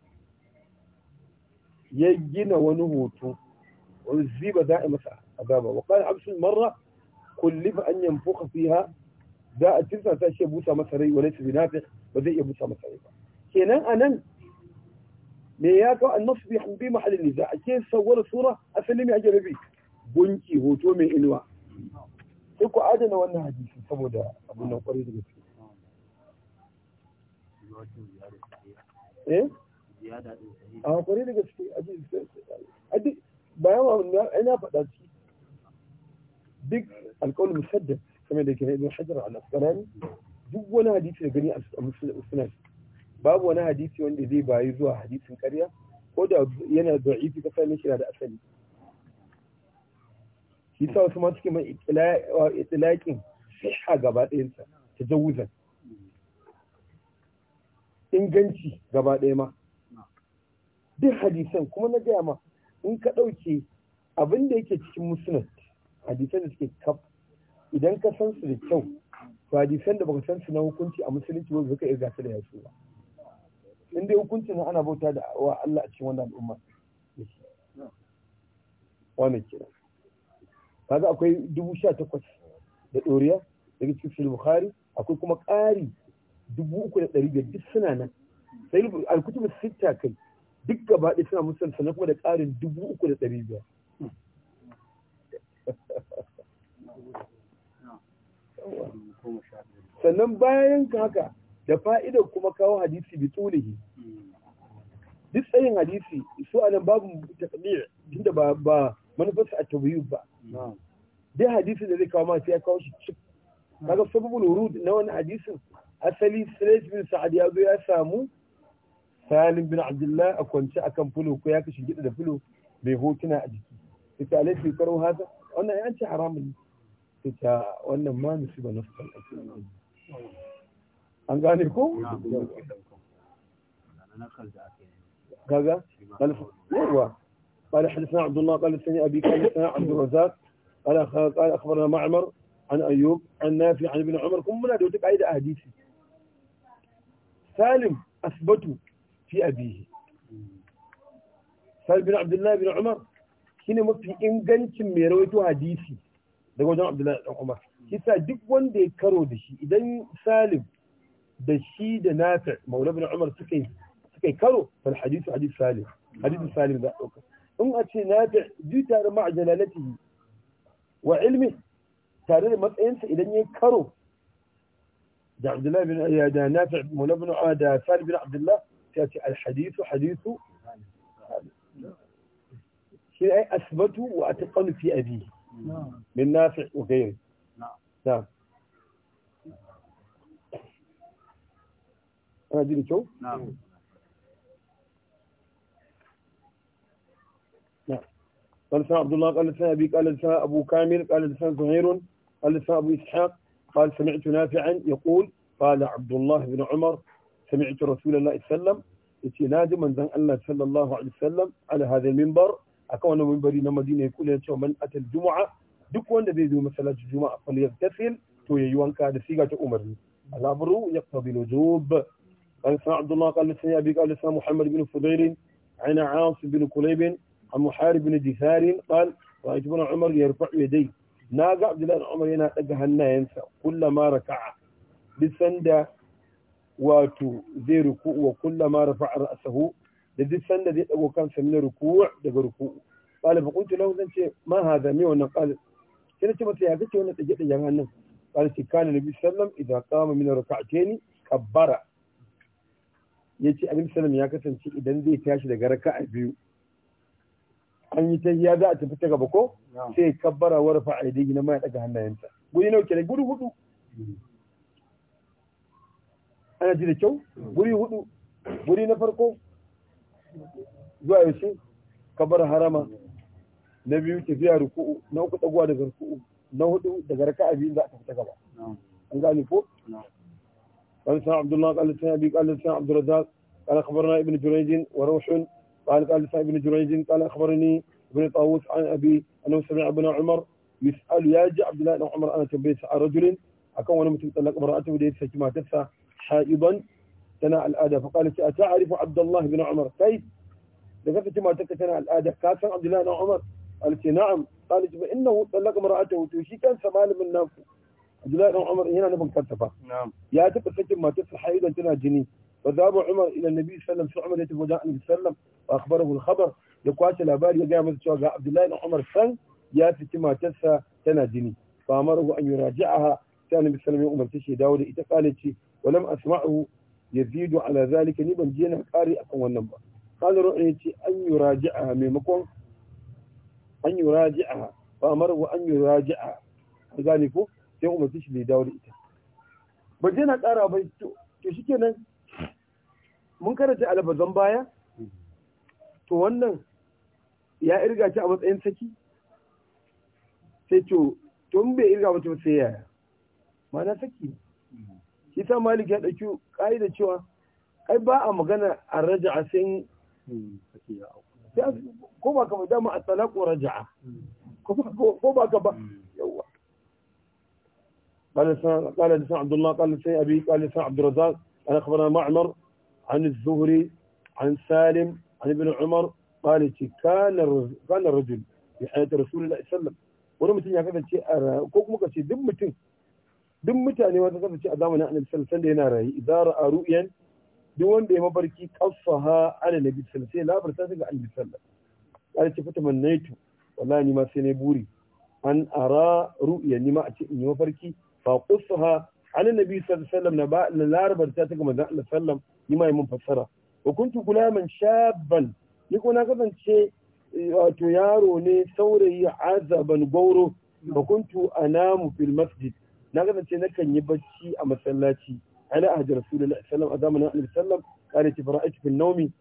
ya gina wani hoto والزيبة دائما أمامه وقال عبس المرة كلف أن ينفخ فيها داء التلسة تأشي بوسى مسري وليس بنافخ وذي يبوسى مسري كينا أنا مياتو النص بيحن بي محل النزاع كيف صور الصورة أسلمي أجل بي بنتي هو تومي إنواع تلك عادنا وأنا حديث سمو دا أبونا قريد إيه؟ زيادة أه قريد قصتي أجل bayan wannan ai na faɗa ciki duk alƙawul musaddad kamar da ke hajar duk wani hadisi da gani a sunan babu wani hadisi wanda zai bayi zuwa hadisin ƙarya ko da yana da'ifi ka sami shi da asali shi sa wasu masu kima itilakin siha gaba ɗayansa ta jawuzan inganci gaba ɗaya ma duk hadisan kuma na gaya ma in ka ɗauke abin da yake cikin musulun hadisan da suke kaf idan ka san su da kyau to hadisan da baka san su na hukunci a musulunci ba zaka iya gasa da yasu ba in dai hukuncin ana bauta da wa Allah a cikin wannan al'umma wannan kenan kaga akwai dubu sha takwas da ɗoriya daga cikin sahih bukhari akwai kuma ƙari dubu uku da ɗari biyar duk suna nan Sai al-kutub sitta kai duk gaba ɗaya suna musulun sannan kuma da ƙarin dubu uku da ɗari biyar sannan bayan haka da fa'idar kuma kawo hadisi bi tulihi duk tsayin hadisi su a nan babu takdir tunda ba ba manufarsa a tabiyu ba dai hadisi da zai kawo ma ya kawo shi cik kaga sababin wurud na wani hadisin asali Sulaiman Sa'ad ya zo ya samu salim bin abdullah a kwance akan fulo ko ya kashe gida da fulo bai hotuna a jiki ita alaihi karo haza wannan ya ce haramun ita wannan ma musiba na fukan ake an gane ko كذا قال يروى قال حدثنا عبد الله قال حدثني أبي قال حدثنا عبد الرزاق قال قال أخبرنا معمر عن أيوب عن نافع عن ابن عمر كم من هذا أحاديثي سالم أثبتوا fi abihi sa'id bin abdullahi bin umar shine mafi ingancin mai rawaito hadisi daga wajen abdullahi dan umar kisa duk wanda ya karo da shi idan salim da shi da nafi maula bin umar suka karo fal hadisu salim hadisu salim da dauka in a ce nafi ji tare ma jalalatihi wa ilmi tare da matsayinsa idan ya karo da abdullahi bin ya da nafi maula bin umar da salim bin abdullahi تأتي الحديث حديث شيء أثبته وأتقن في أبيه من نافع وغيره نعم نعم هذه نعم قال سمع عبد الله قال سمع أبي قال سمع أبو كامل قال سمع زهير قال سمع أبو إسحاق قال سمعت نافعا يقول قال عبد الله بن عمر sami'tu rasulullahi sallam yace na ji manzon Allah sallallahu alaihi wasallam ala hadha minbar akan wannan minbari na Madina yake ya ce man atal juma'a duk wanda zai zo masallacin juma'a fal yaktasil to yayi wanka da siga ta umarni al-amru yaqtadi al-wujub قال سمع عبد الله قال لسنا أبي قال لسنا محمد بن فضيل عن عاصم بن كليب عن محارب بن دثار قال رأيت ابن عمر يرفع يديه ناقع عبد الله عمر ينا أجهنا ينسى كلما ركع wato zai ruku'u wa ma rafa'a ra'sahu da duk sanda zai dago kansa na ruku'u daga ruku'u qala fa qultu lahu zan ce ma hadha mi wannan qala sai nace mata ya kace wannan tsage tsagen hannun qala shi kana nabi sallam idan qama min raka'atayn kabbara yace abin sallam ya kasance idan zai tashi daga raka'a biyu an yi ya za a tafi ta gaba ko sai kabbara warfa aidi na mai daga hannayensa guri nauke da guri hudu hmm. ana ji da kyau guri hudu guri na farko zuwa yaushe kabar harama na biyu ke zuwa ruku'u na uku tsaguwa daga ruku'u na hudu daga raka'a biyu za a tafi ta gaba an gane ko قال سيدنا عبد الله قال سيدنا أبي قال سيدنا عبد الرزاق قال أخبرنا ابن جريج وروح قال قال سيدنا ابن جريج قال أخبرني ابن طاووس عن أبي أنه سمع ابن عمر يسأل يا عبد الله بن عمر أنا تبيت رجل أكون متطلق امرأته وديت سجماتها ha'iban tana al'ada fa qala a ta'rifu abdullah ibn umar kai da kake ce matarka tana al'ada ka san ibn umar alce na'am qala ba innahu talaqa mar'atahu to shi kansa malamin naku abdullah ibn umar yana nufin kansa fa ya taɓa sakin matarsa ha'iban tana jini فذهب عمر الى النبي صلى الله عليه وسلم عمر يتفوجا النبي صلى الله عليه وسلم واخبره الخبر ya kwace labari ya gaya masa cewa ga Abdullahi na Umar san ya fiti matarsa tana jini fa amaru an yuraji'aha sai Annabi sallallahu alaihi wasallam dawo da ita kale ce walam asma'u yazidu ala zalika ni ban je na kare akan wannan ba qala ru'ya yace an yuraji'a maimakon an yuraji'a fa wa an yuraji'a gane ko sai umarci shi bai dawo da ita ban na kara ba to shikenan mun karanta albazan baya to wannan ya irga ki a matsayin saki sai to tun bai irga mutum sai yaya mana saki shi sa malik ya ɗauki ƙa'ida cewa ai ba a magana a raja'a sai ko ba ka ba dama a talaku raja'a ko ba ka ba yawa قال لسان قال لسان عبد الله قال لسان ابي قال لسان عبد الرزاق انا اخبرنا معمر عن الزهري عن سالم عن ابن عمر قال كان كان الرجل في حياه رسول الله صلى الله عليه وسلم wani mutum ya kasance a ko kuma ka ce duk mutum duk mutane wata kasance a zamanin annabi sallallahu alaihi yana rayu idza ra'a ru'yan duk wanda ya mabarki qassaha ala nabi sallallahu alaihi labarta shi ga annabi sallallahu alaihi wasallam ce fatamannaitu wallahi ni ma sai ne buri an ara ru'ya ni ma a ce in yi mafarki fa qassaha ala nabi sallallahu alaihi wasallam na ba labarta ta ga manzon Allah sallallahu ni ma yi mun fassara wa kuntu gulaman shabban ni ko na kasance wato yaro ne saurayi azaban gauro wa kuntu anamu fil masjid na kasance na kan yi bacci a masallaci ana a hajjar sallam a zamanin annabi sallam kare ci fara'ati fil naumi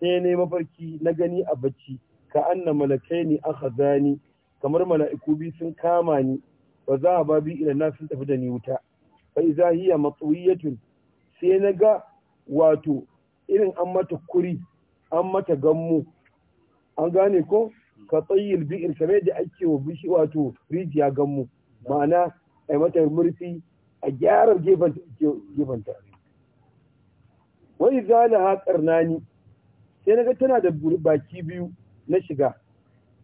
sai ne mafarki na gani a bacci ka anna malakaini akhadani kamar mala'iku bi sun kama ni wa za ba bi ila na sun tafi da ni wuta fa matsayi hiya matwiyatun sai na ga wato irin an mata kuri an mata gammu an gane ko ka tsayil bi'ir kamar da ake wa bishi wato rijiya gammu ma'ana a mata murfi a gyara tare. wani zana haƙar nani sai na ga tana da baki biyu na shiga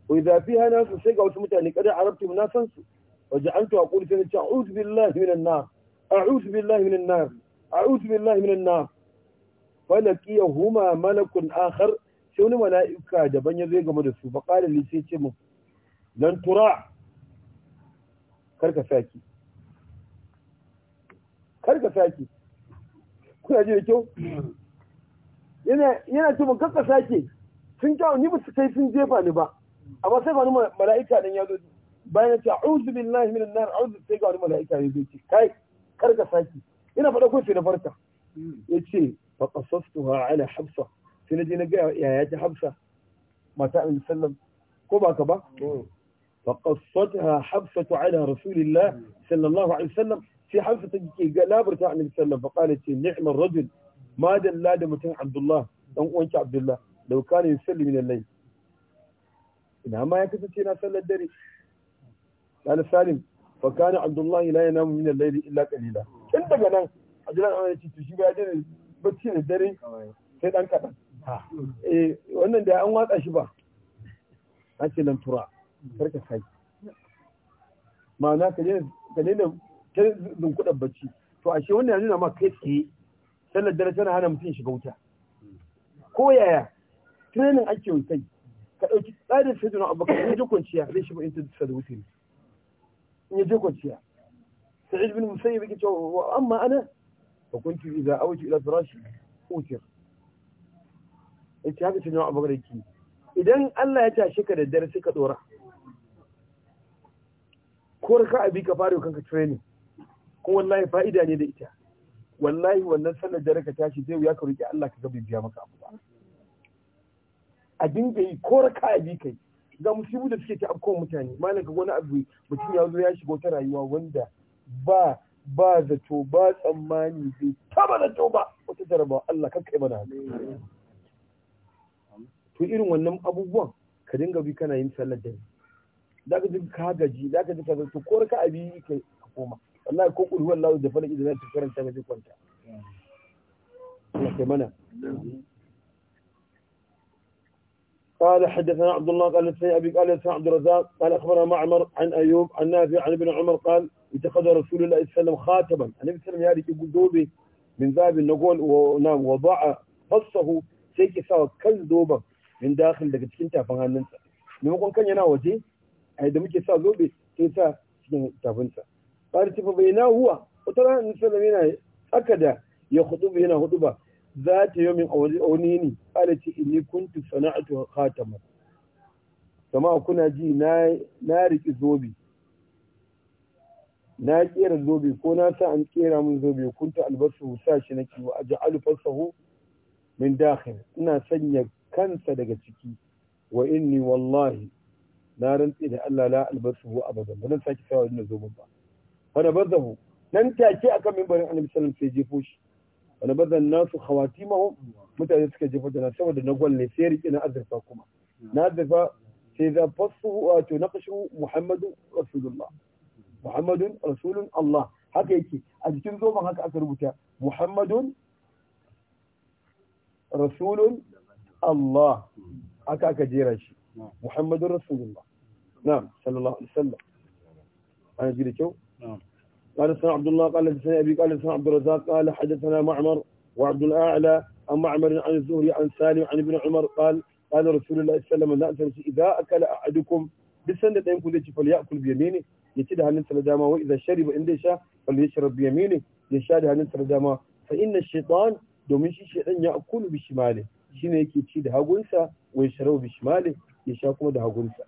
wai zafi hana su sai ga wasu mutane kada mu na san su waje an tuwa kuli sai na ce a'udhu billahi minan na a'udhu billahi minan nar a'udhu billahi minan nar falakiya huma malakun akhar sai wani mala'ika daban ya zai game da su ba qala lise sai ce mu lan tura karka saki kar ka sake kuna ji da kyau yana yana ce mun kakka sake sun kawo ni ba su kai sun jefa ni ba amma sai ba ni mala'ika dan ya zo bayan ce a'udhu billahi minan nar a'udhu sai ga wani mala'ika ya zo ce kai kar ka sake ina faɗa ko sai na farka yace fa qasastuha ala hafsa sai na je na ga yaya ta hafsa mata annabi sallam ko ba ka ba mm. fa qasatha hafsa ala rasulillah sallallahu alaihi wasallam sai hafsa ta ke ga labarta annabi sallallahu alaihi wasallam ce ni'mar rajul ma dalla da mutum abdullah dan uwanki abdullah law kana yusalli min al-layl ina ma ya kasance na sallar dare قال سالم فكان عبد الله لا ينام من الليل illa قليلا كان daga nan ajilan amma yace to shi ba dare bacci da dare sai dan kadan eh wannan da an watsa shi ba an ce lantura karka sai ma'ana ka je ka ta zunkuɗan bacci to ashe wannan ya nuna ma kai tsaye sallar dare tana hana mutum shiga wuta ko yaya training ake yi kai ka ɗauki tsarin sai juna abubakar in ya kwanciya zai shiga ba in ta da wuce in ya je kwanciya sa'id bin musayyib yake cewa wa amma ana fa kuntu idza awtu ila firashi utir yace haka sai juna abubakar ki idan Allah ya tashi ka da dare sai ka dora ko ka abi ka fara kanka training ko wallahi fa'ida ne da ita wallahi wannan sallar da raka tashi zai ya ka roki Allah ka ga biya maka abu ba a dinga yi ko raka bi kai ga musibu da suke ta abkon mutane malam ka wani abu mutum ya zo ya shiga wata rayuwa wanda ba ba zato ba tsammani bai taba zato ba wata jarabawa Allah kan kai mana to irin wannan abubuwan ka dinga bi kana yin sallar dare za ka ji ka gaji za ka ji ka zato ko raka abi ka koma wallahi ko kul huwallahu da falaki da zai karanta ba zai kwanta Allah mana قال حدثنا عبد الله قال لسني أبي قال لسني عبد الرزاق قال أخبرنا معمر عن أيوب عن نافع عن ابن عمر قال اتخذ رسول الله صلى الله عليه وسلم خاتما النبي صلى الله عليه وسلم يقول دوبي من ذهب النقول ونام وضع فصه سيك سوى كل دوبا من داخل daga cikin tafin hannunsa maimakon kan yana waje a da muke sa zobe sai sa cikin tafinsa ƙarfi ba bai na huwa wata ranar musulun yana haka da ya hudu yana hudu ba za ta yi min auni ne ƙara ce in yi kuntu sana'atu a katama sama kuna ji na riƙi zobe na ƙera zobe ko na sa an ƙera min zobe kuntu albasu sa shi na kiwo a ja'alu hu min dakhil ina sanya kansa daga ciki wa inni wallahi na rantse da Allah a albasu abadan ba zan sake sawa da zobe ba wani bazahu nan take akan mimbarin annabi sallallahu alaihi wasallam sai jefo shi wani bazan nasu khawatimahum mutane suka jefo da na saboda na gwalle sai rike na azurfa kuma na azurfa sai za fasu wato naqshu muhammadu rasulullah muhammadun rasulun allah haka yake a cikin zoban haka aka rubuta muhammadun rasulun allah haka aka jera shi muhammadun rasulullah na sallallahu alaihi wasallam an ji da kyau قال حدثنا عبد الله قال حدثنا أبي قال حدثنا عبد الرزاق قال حدثنا معمر وعبد الأعلى عن معمر عن الزهري عن سالم عن ابن عمر قال قال رسول الله صلى الله عليه وسلم إذا أكل أحدكم بسنة يمكن أن فليأكل بيمينه يتدى هننسى لداما وإذا شرب إن ديشا فليشرب بيمينه يشاد هننسى لداما فإن الشيطان domin shi shi ya akulu bi shimale shine yake ci da hagunsa wai sharau bi shimale ya sha kuma da hagunsa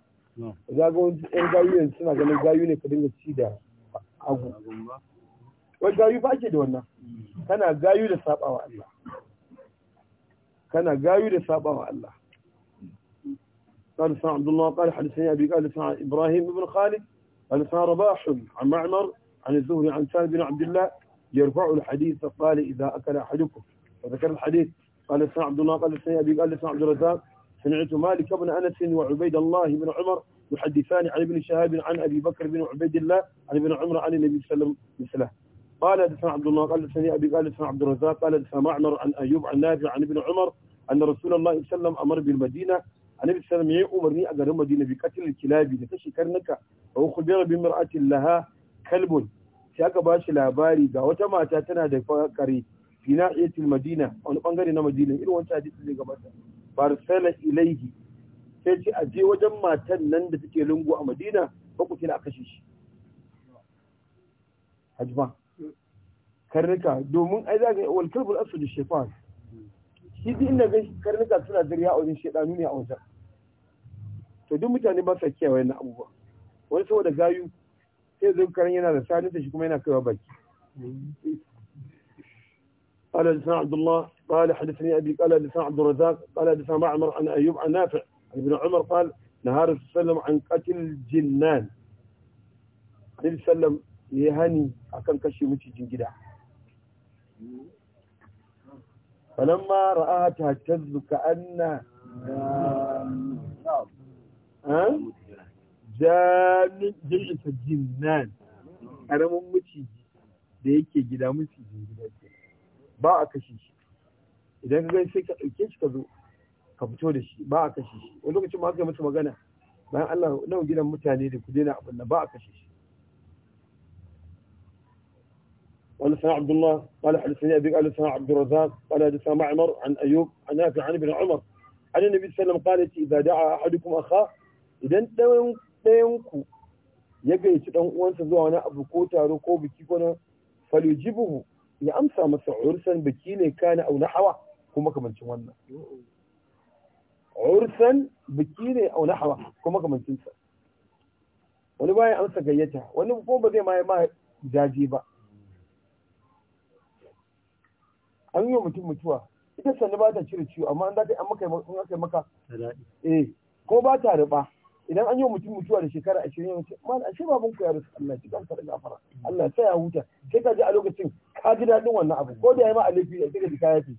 za ga wani yan gayu yanzu suna ganin gayu ne ka dinga ci da abu wai gayu ba ake da wannan kana gayu da sabawa Allah kana gayu da sabawa Allah قال سمع عبد الله قال حدثني أبي قال سمع إبراهيم بن خالد قال سمع رباح عن معمر عن الزهري عن سالم بن عبد الله يرفع الحديث قال إذا أكل أحدكم وذكر الحديث قال سمع عبد الله قال سمع أبي قال سمع عبد الرزاق سمعت مالك بن أنس وعبيد الله بن عمر يحدثان عن ابن شهاب عن أبي بكر بن عبيد الله عن ابن عمر عن النبي صلى الله عليه وسلم مثله قال حدثنا عبد الله قال حدثني أبي قال حدثنا عبد الرزاق قال حدثنا معمر عن أيوب عن نافع عن ابن عمر أن رسول الله صلى الله عليه وسلم أمر بالمدينة النبي صلى الله عليه وسلم يأي أمرني أقر المدينة بقتل الكلاب لتشي كرنك وأخبر بامرأة لها كلب شاك باش لاباري وتما تاتنا دفاكري في ناحية المدينة ونقنقرنا مدينة إلو أنت حديث اللي قبلتها فارسل إليه sai ce a je wajen matan nan da take lungu a madina ba ku kina kashe shi hajjima karnuka domin ai za ka wal kalbul asu da shefan shi duk inda gan karnuka suna zariya a wajen shedanu ne a wajen to duk mutane ba sa kiyaye na abubuwa wani saboda gayu sai zo karan yana da sanin shi kuma yana kaiwa baki قال لسان عبد الله قال حدثني ابي قال لسان عبد الرزاق قال لسان معمر عن ايوب عن نافع ابن عمر قال نهى الرسول عن قتل الجنان النبي صلى عليه وسلم يهني أكن كشي متجن جنجدا فلما رآها تهتز كأن جان جمع الجنان karamin maciji da yake gida macijin gida ba a kashe shi idan ka gani sai ka ɗauke shi ka zo ka fito da shi ba a kashe shi wani lokacin ma aka magana bayan Allah nawa gidan mutane da ku daina abin ba a kashe shi قال عبد الله قال حدثني ابي قال عبد الرزاق قال حدثنا معمر عن ايوب عن نافع عن ابن عمر عن النبي صلى الله عليه وسلم قال اذا دعا احدكم اخاه اذا ya gaici ɗan uwansa zuwa wani abu ko taro ko biki ko ya amsa masa ursan biki ne kana au wannan ursan biki ne au nahwa kuma kamancin sa wani bayan amsa gayyata wani kuma ba zai ma ma jaji ba an yi wa mutum mutuwa ita sannu ba ta cire ciwo amma an za an maka in aka maka eh ko ba ta riba idan an yi wa mutum mutuwa da shekara ashirin ya wuce mal ashe baban ku ya rasu Allah shi kanka da gafara Allah sai ya huta sai ka ji a lokacin ka ji daɗin wannan abu ko da ya ma alifi sai ka ji ka yafi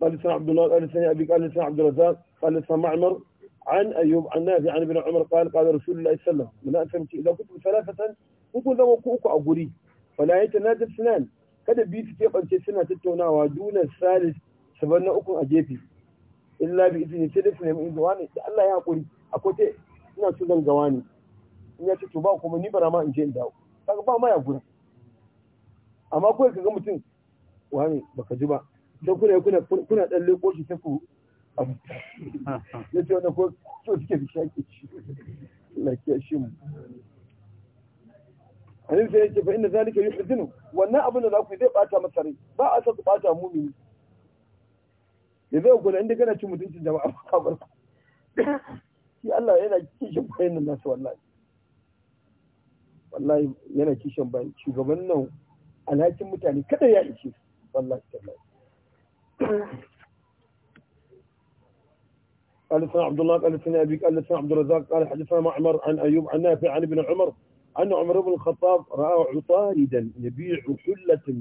قال لسان عبد الله قال لسان أبي قال لسان عبد الرزاق قال لسان معمر عن أيوب عن نافع عن ابن عمر قال قال رسول الله صلى الله عليه وسلم من أفهمت إذا كنتم ثلاثة كنتم ذا وقوكوا أقولي فلا يتنادى اثنان kada biyu suke keɓance suna tattaunawa duna salis saban na ukun a gefe illa bi izini sai da su nemi izini wani da Allah ya haƙuri akwai ta ina ce to ba kuma ni bara ma in je in dawo kaga ba ma ya gura amma kawai kaga mutum wani baka ji ba don kuna kuna kuna dan leko shi ku na *laughs* ce wannan ko so suke fi shaƙi shi ke shi mu hannun sai yake fa inda zalika yi hizinu wannan abin da za ku yi zai ɓata masa rai ba a sa ku ɓata mumini da zai kuna inda kana cin mutuncin jama'a a kamar ku *coughs* shi Allah yana kishin bayan nan nasu wallahi wallahi yana kishin bayan shugaban nan alhakin mutane kada ya ishe wallahi tallahi قال سنا عبد الله قال سنا أبيك قال سنا عبد الرزاق قال حدثنا معمر عن أيوب عن نافع عن ابن عمر أن عمر بن الخطاب رأى عطاردا يبيع حلة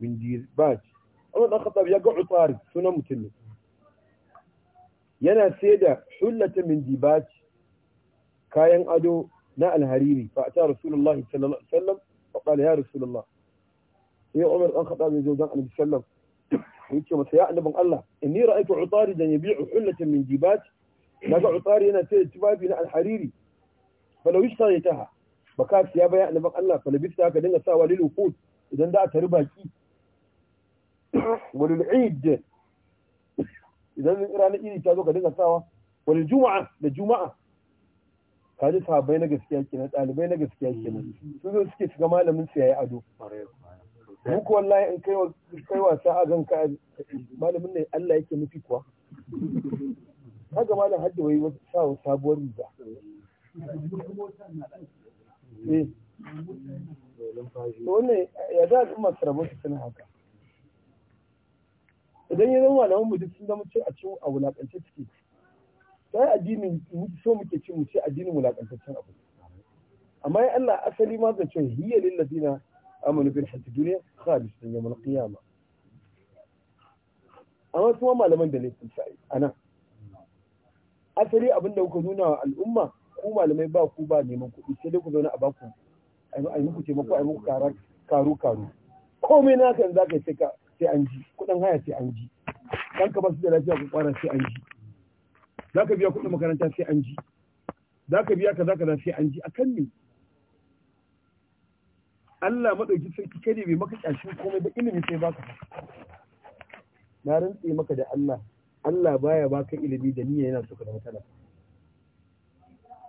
من دير باج عمر بن الخطاب يقع عطارد سنة متلت ينا سيدة حلة من دير باج كاين أدو ناء الهريري فأتى رسول الله صلى الله عليه وسلم وقال يا رسول الله يا عمر بن الخطاب يزودان عليه وسلم yace masa ya annabin Allah in inni ra'aytu utaridan yabi'u hullatan min jibat naga utari yana sai tibabi na alhariri falau ishtaytaha baka siya ba ya annabin Allah falabista ka dinga sawa lil wuqut idan da ta rubaki walil eid idan ranar iri ta zo ka dinga sawa walil juma'a da juma'a ka ji sahabbai na gaskiya kenan dalibai na gaskiya kenan su zo suke shiga malamin su yayi ado Muku wallahi in kai kai wasa a gan ka malamin ne Allah yake nufi kuwa kaga malam hajji wai wata sa sabuwar riga eh wannan ya za a masu rabon su suna haka idan ya zama malaman mu duk sun zama ce a cin a wulakance suke sai addinin so muke ce mu ce addinin wulakantaccen abu amma ya Allah asali ma zance hiya lil ladina amanu fil hayati dunya khalisatan yawm al-qiyamah amma kuma malaman da laifin sa'i ana asali abinda kuka nuna wa al'umma ku malamai ba ku ba neman kuɗi sai dai ku zauna a baku a yi muku taimako a yi muku karu karu komai na kan za ka yi sai an ji kuɗin haya sai an ji dan ka basu da lafiya ku kwara sai an ji za ka biya kuɗin makaranta sai an ji za ka biya kaza kaza sai an ji akan ne Allah maɗauki sarki kai ne bai maka ƙyashin komai ba ilimi sai baka na rantse maka da Allah Allah baya baka ilimi da niyya yana so da zama talaka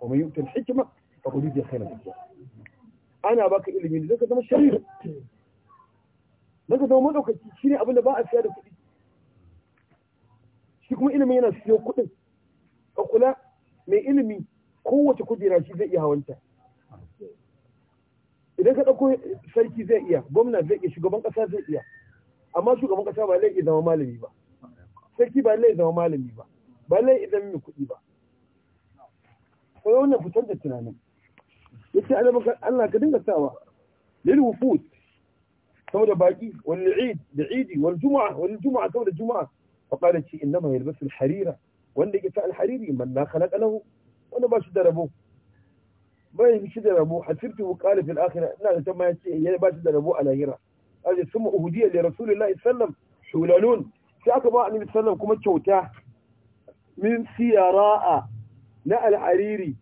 wa man yu'tal hikma faqad utiya khayran kathira ana baka ilimi da zaka zama sharri zaka zama madaukaki shine abinda ba a siya da kuɗi shi kuma ilimi yana siyo kuɗin ka kula mai ilimi kowace kujera shi zai iya hawanta idan ka ɗauko sarki zai iya gwamna zai iya shugaban ƙasa zai iya amma shugaban ƙasa ba lai zama malami ba sarki ba lai zama malami ba ba lai zama mai kuɗi ba kawai wannan fitar da tunanin ya ce Allah ka dinga sawa lil wufut saboda baki wani eid da idi wani juma'a wal juma'a saboda juma'a fa qala shi innama yalbasu al harira wanda yake ta al hariri man la khalaqa lahu wanda ba shi da rabo bai shi da rabo hasibtu qala fil akhirah ina da tamma yace ya ba shi da rabo a lahira aje summa uhdiya li rasulillahi sallam shulalun sai aka ba annabi sallam kuma kyauta min siyara'a na al-hariri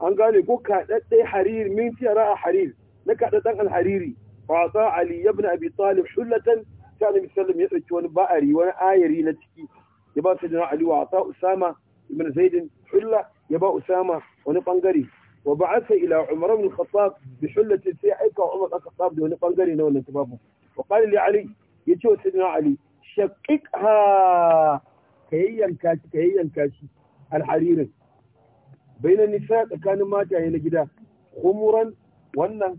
an gane ko kaɗaɗɗe hariri min siyara a hariri na kaɗaɗɗen alhariri fata ali ibn abi talib shullatan ta annabi sallam ya dauki wani ba'ari wani ayari na ciki ya ba sayyidina ali wa ta usama ibn zaid shulla ya ba usama wani bangare وبعث إلى عمر بن الخطاب بحلة سيحك وعمر بن الخطاب دون قنقرين وانتبابه وقال لي علي يجو سيدنا علي شققها كهي ينكاش كهي ينكاش الحرير بين النساء كان ما جاهين جدا خمورا وانا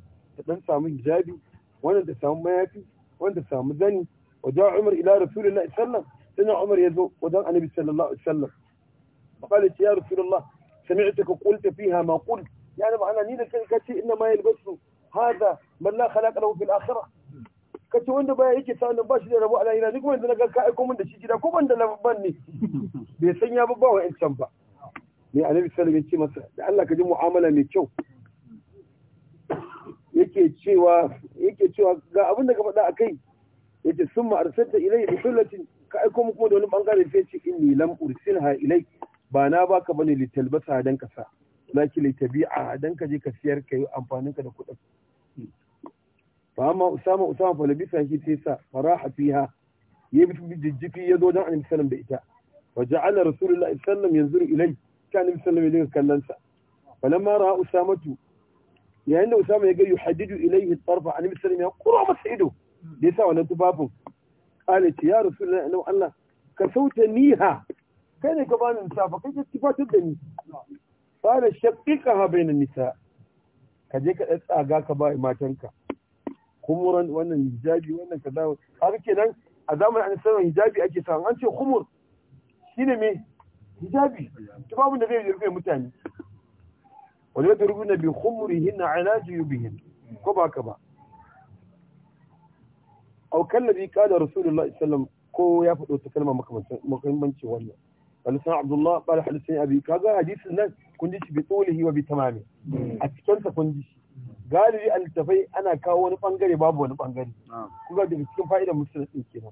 تنسى من جابي وانا تنسى من مياتي وانا تنسى من ذني وجاء عمر إلى رسول الله صلى الله عليه وسلم سيدنا عمر يزو وذن النبي صلى الله عليه وسلم وقال يا رسول الله sami'tuka qulta fiha ma qult yana ma'ana ni da kai kace inna ma yalbasu hada man la khalaqa lahu fil akhirah kace wanda baya yake sa ba shi da rabo a lahira ni kuma yanzu na ga ka aiko min da shi gida ko ban da labban ne bai san ya ba ba wa'in can ba ya ce masa da Allah ka ji mu'amala mai kyau yake cewa cewa ga abin da ka faɗa akai yace summa arsalta ilayhi bi sullatin ka aiko mu kuma da wani bangare sai ce inni lam ursilha ilayk ba na baka bane litalbasa dan ka sa laki a dan ka je ka siyar ka yi amfanin ka da kuɗin fa amma usama usama fa labisa shi sai sa faraha fiha ya bi jijjifi ya zo don annabi sallam da ita wa ja'ala rasulullahi sallam yanzuru ilai ta annabi sallam ya kallon sa falamma ra'a usamatu yayin da usama ya ga yuhaddidu ilaihi tarfa annabi sallam ya kura masa ido da yasa wannan tufafin qala ya rasulullahi annabi Allah ka sauta niha kai ne ka bani nisa ba kai ka fatar da ni ba da shaƙiƙa ha bai nisa ka je ka tsaga ka ba matanka kumuran wannan hijabi wannan ka dawo har kenan a zamanin an san hijabi ake sa. an ce kumur shine me hijabi To tufafin da zai rufe mutane wani yadda rubu na bi kumurihin na alaji yubihin ko ba ka ba aukan da bi kada rasulullah sallam ko ya faɗo ta kalma makamancin wannan قال حدثنا عبد الله قال حدثني أبي كذا حديث الناس كندش بطوله وبتمامه أتكلم كندش قال لي أن تفي أنا كون بانجري باب ون بانجري كذا دي بتكون فائدة مسلسل كذا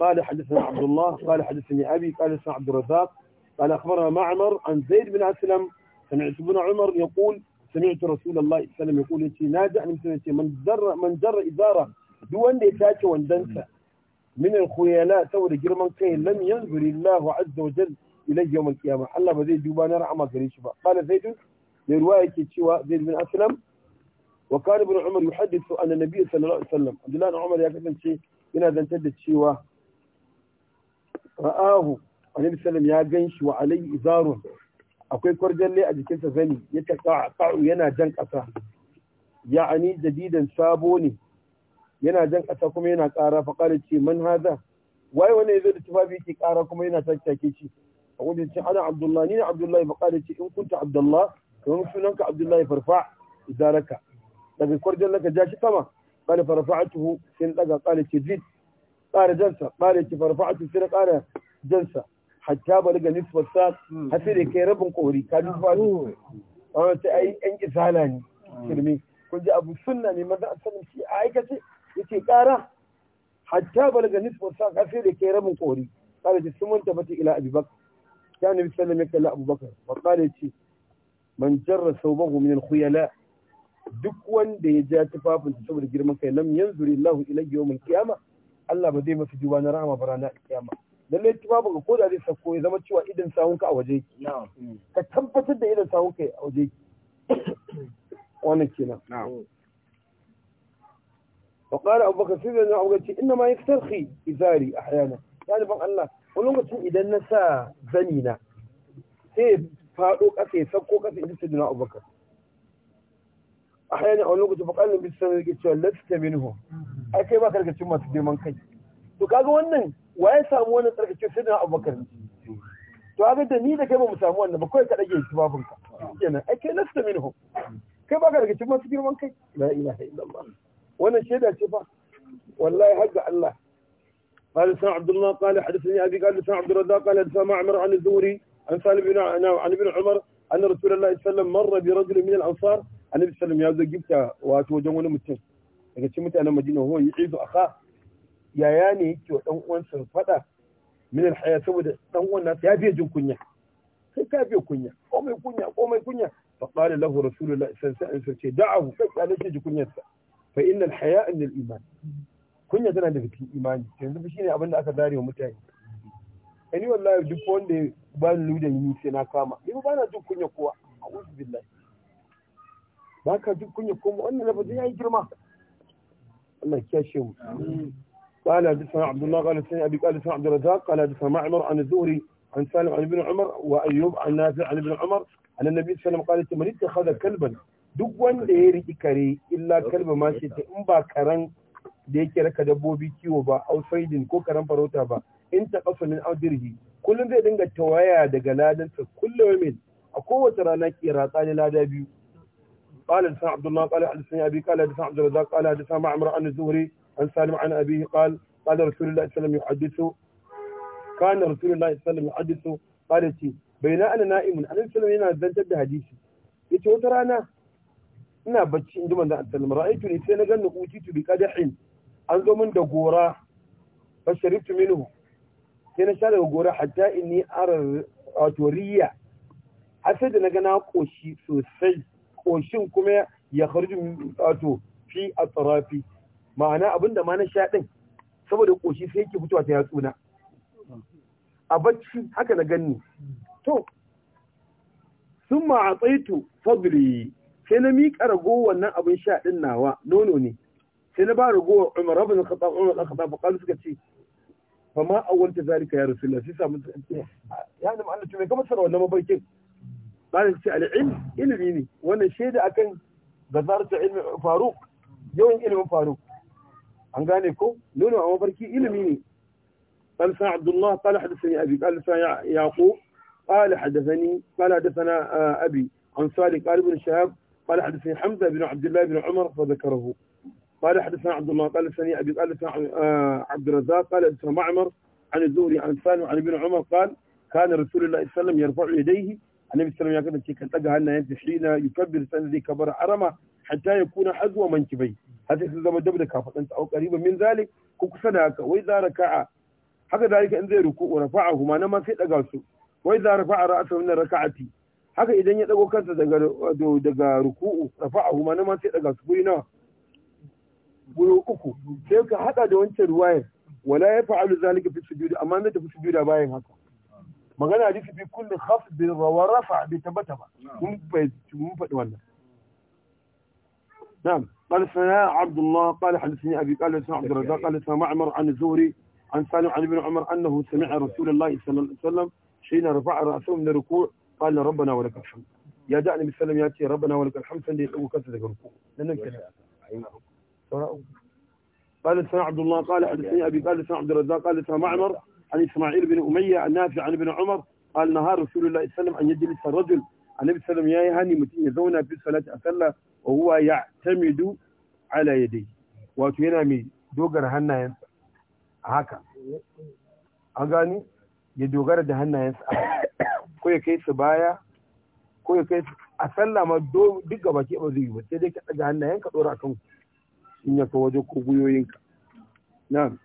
قال حدثنا عبد الله قال حدثني أبي قال حدثنا عبد الرزاق قال أخبرنا معمر عن زيد بن أسلم سمعت ابن عمر يقول سمعت رسول الله صلى الله عليه وسلم يقول ناجع من من جر من جر إزاره دون يتاكي وندنسه minan al-khuyala saboda girman kai lam yanzuri Allah azza wa jalla ila yawm Allah ba zai duba na rahama gare shi ba qala zaidun mai ruwa yake cewa zaid bin aslam wa kana ibn umar yuhaddithu anna nabiy sallallahu alaihi abdullahi ibn umar ya kasance yana zantar da cewa ra'ahu annabi ya ganshi wa alayhi akwai kwarjalle a jikinsa zani ya ta yana jan ƙasa ya'ani jadidan sabo ne yana jan ƙasa kuma yana ƙara fa ƙara ce man haza. waye wanda yazo da tufafi ke ƙara kuma yana tattake shi akwai ce ana abdullahi ni abdullahi fa ƙara ce in kunta abdullahi kamar sunanka abdullahi farfa idaraka daga kwarjan laka ja shi sama qala farfa'atuhu sai na daga ƙara ce zid ƙara jansa qala ce farfa'atu sai ƙara jansa hatta balaga nisfar sa har da kai rabin kori ka ji tufafi wanda ta yi ƴan izala ne shirme kun ji abu sunna ne maza sanin shi a aikace yace kara hatta balaga nisbar sa ka sai da ke rabin kori kada ji sun manta mata ila abubakar ya nabi sallam ya kalla abubakar wa kada ya ce man jarra sawbahu min al-khuyala duk wanda ya ja tufafin saboda girman kai lam yanzuri Allah ila yawmil qiyama Allah ba zai masa duba na rahama ba ranar kiyama lalle tufafin ka koda zai sako ya zama cewa idan sawun ka a waje ka tabbatar da idan sawun ka a waje wannan kenan na'am وقال أبو بكر سيدنا أبو بكر إنما يسترخي إزاري أحيانا يعني بان الله ولنقص إذا نسى زنينا sai faɗo ƙasa ya sauko ƙasa ita ce duna abubakar a hanyar a wani lokaci bakalin bisu sanar ke cewa lasta minhu a kai ba karkacin masu girman kai to kaga wannan wa ya samu wannan tsarkacin sai duna abubakar to kaga da ni kai ba mu samu wannan ba kawai ka ɗage shi kai kai ba masu girman kai wannan shaida ce fa wallahi har ga Allah قال سان عبد الله قال حدثني ابي قال عبد الرزاق قال عن عن سالم بن عن ابن عمر ان رسول الله صلى الله عليه وسلم مر برجل من الانصار النبي صلى الله عليه وسلم wani mutum daga cikin mutanen Madina huwa yu'idu akha yaya ne yake wa ya fiye jin kunya sai ka kunyarsa فإن الحياء من الإيمان كن يتنا نفتي إيمان يعني فشيني أبنى أكا داري ومتاين أني يعني والله جبون دي بان لودا يميسي ناكاما يبو يعني بانا جب كن يقوى أعوذ بالله باكا جب كن يقوم وأنا لفتي يعي جرما الله يكاشم قال حدثنا عبد الله قال حدثنا أبي قال حدثنا عبد الرزاق قال حدثنا معمر عن الزهري عن سالم عن ابن عمر وأيوب عن نافع عن ابن عمر أن النبي صلى الله عليه وسلم قال من اتخذ كلبا duk wanda ya riki kare illa kalba ma ta in ba karen da yake raka dabbobi kiwo ba outsiding ko karen farauta ba in ta kasulin audirhi kullum zai dinga tawaya daga ladansa kullum mai a kowace rana ke ratsa ne lada biyu قال لسان عبد الله قال لسان ابي قال لسان عبد الرزاق قال لسان معمر عن الزهري عن سالم عن ابيه قال قال رسول الله صلى الله عليه كان رسول الله صلى الله عليه وسلم يحدثه قال بين انا نائم انا صلى الله عليه wata rana ina bacci in ji manzan asalim ra'aitu ne sai na gan nukuti tu bi kadahin an zo min da gora fa sharibtu minhu sai na sha daga gora hatta inni arar wato riya da na gana na koshi sosai koshin kuma ya kharju wato fi atrafi ma'ana abinda ma na sha din saboda koshi sai yake fitowa ta yatsuna a bacci haka na ganni to sun ma'atsaitu fadri sai na miƙa ragowar wannan abin sha ɗin nawa nono ne sai na ba ragowar umar rabin khattab umar ɗan khattab ba suka ce fa ma awwalta zalika ya rasulullah sai samu ya ni Allah to me kamar sarwa na mabarkin bani ce al'ilm ilimi ne wannan shaida a kan gazarta ilmi faruk yawan ilimin faruk an gane ko nono a mabarki ilimi ne قال سعد عبد الله قال حدثني أبي قال سعد يعقوب قال حدثني قال حدثنا أبي عن صالح قال ابن شهاب قال حدثني حمزة بن عبد الله بن عمر فذكره قال حدثنا عبد الله قال حدثني أبي قال حدثنا عبد الرزاق قال حدثنا معمر عن الزهري عن سالم عن ابن عمر قال كان رسول الله صلى الله عليه وسلم يرفع يديه النبي صلى الله عليه وسلم يقول كان تجاه أن حين يكبر سنة ذي كبر حرمة حتى يكون حذو منكبيه هذا يسلم دبر كافة أنت أو قريبا من ذلك كوكسنا وإذا ركع haka zalika in zai ruku rafa'ahu ma nan ma sai daga su wai za rafa'a ra'asa min raka'ati haka idan ya dago kansa daga daga ruku'u rafa'ahu ma nan sai daga su guri nawa guri uku sai ka hada da wancan ruwayar wala ya fa'alu zalika fi sujud amma zai tafi sujuda bayan haka magana hadisi bi kulli khafd wa rafa bi tabataba ba mun mun fadi wannan نعم قال سنا عبد الله قال حدثني ابي قال سنا عبد الرزاق قال سنا معمر عن الزهري عن سالم عن ابن عمر انه سمع رسول الله صلى الله عليه وسلم حين رفع راسه من الركوع qala rabbana wa lakal hamd ya ji annabi sallam ya ce rabbana wa lakal hamd sanda ya dago kansa daga ruku nan nan kenan قال سنا عبد الله قال حدثني ابي قال سنا عبد الرزاق قال سنا معمر عن اسماعيل بن اميه النافع عن ابن عمر قال نهى رسول الله صلى الله عليه وسلم ان يجلس الرجل النبي صلى الله عليه وسلم يا هاني متين يزونا في الصلاه اصلى وهو يعتمد على يديه wato yana mai dogara hannayensa a haka an gani ya dogara da hannayensa a ko ya kai su baya ko ya kai su a sallah ma duk gaba ke ba zai yi ba sai dai ka ɗaga hannayen ka ɗora kan in ya ka waje ko gwiwoyinka na'am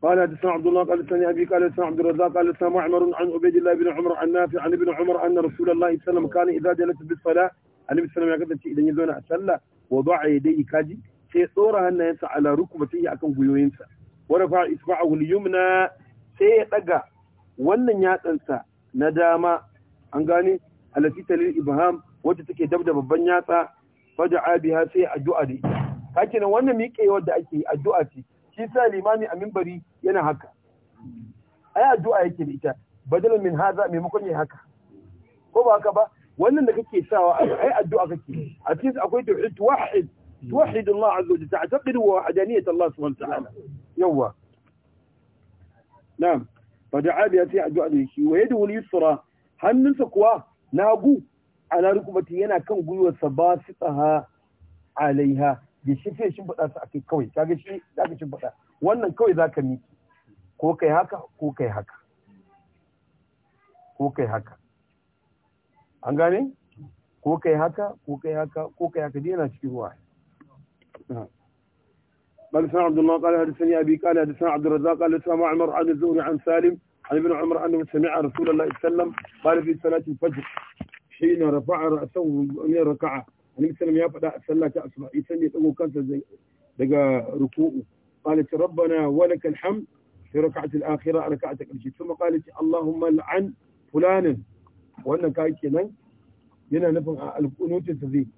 قال حدثنا عبد الله قال حدثني ابي قال حدثنا عبد الرزاق قال حدثنا معمر عن عبيد الله بن عمر عن نافع عن ابن عمر ان رسول الله صلى الله عليه وسلم كان اذا جلس بالصلاه النبي صلى الله عليه وسلم يقول اذا يزون اصلى وضع يديه كاجي sai tsora hannayensa ala rukubatayya akan guyoyinsa wa rafa isba'ahu al-yumna sai ya daga wannan yatsansa na dama an gane alati talil ibham wacce take dab da babban yatsa fada'a biha sai addu'a da ita kake nan wannan miƙewar da ake addu'a ce shi sa limami a minbari yana haka ai addu'a yake da ita badal min haza maimakon yayi haka ko ba haka ba wannan da kake sawa ai addu'a kake a cikin akwai tauhid wahid توحد الله عز وجل تعتقد وحدانية الله سبحانه وتعالى يوا نعم fa da'a biya sai addu'a da shi wa yadu yusra hannunsa kuwa nagu ala rukumati yana kan gwiwarsa ba su tsaha alaiha da shi sai shin faɗa su akai kawai kaga shi zaka shi faɗa wannan kawai zaka miki ko kai haka ko kai haka ko kai haka an gane ko kai haka ko kai haka ko kai haka dai yana cikin ruwa قال حدثنا عبد الله قال حدثني أبي قال حدثنا عبد الرزاق قال حدثنا معمر عن الزهري عن سالم عن ابن عمر أنه سمع رسول الله صلى الله عليه وسلم قال في صلاة الفجر حين رفع رأسه من الركعة النبي صلى الله عليه وسلم يفعل صلاة أصبح يسمي يتقو كنسا دقى ركوعه قالت ربنا ولك الحمد في ركعة الآخرة ركعة الشيء ثم قالت اللهم لعن فلانا وأنا كايت كنا ينا نفهم القنوت التزيد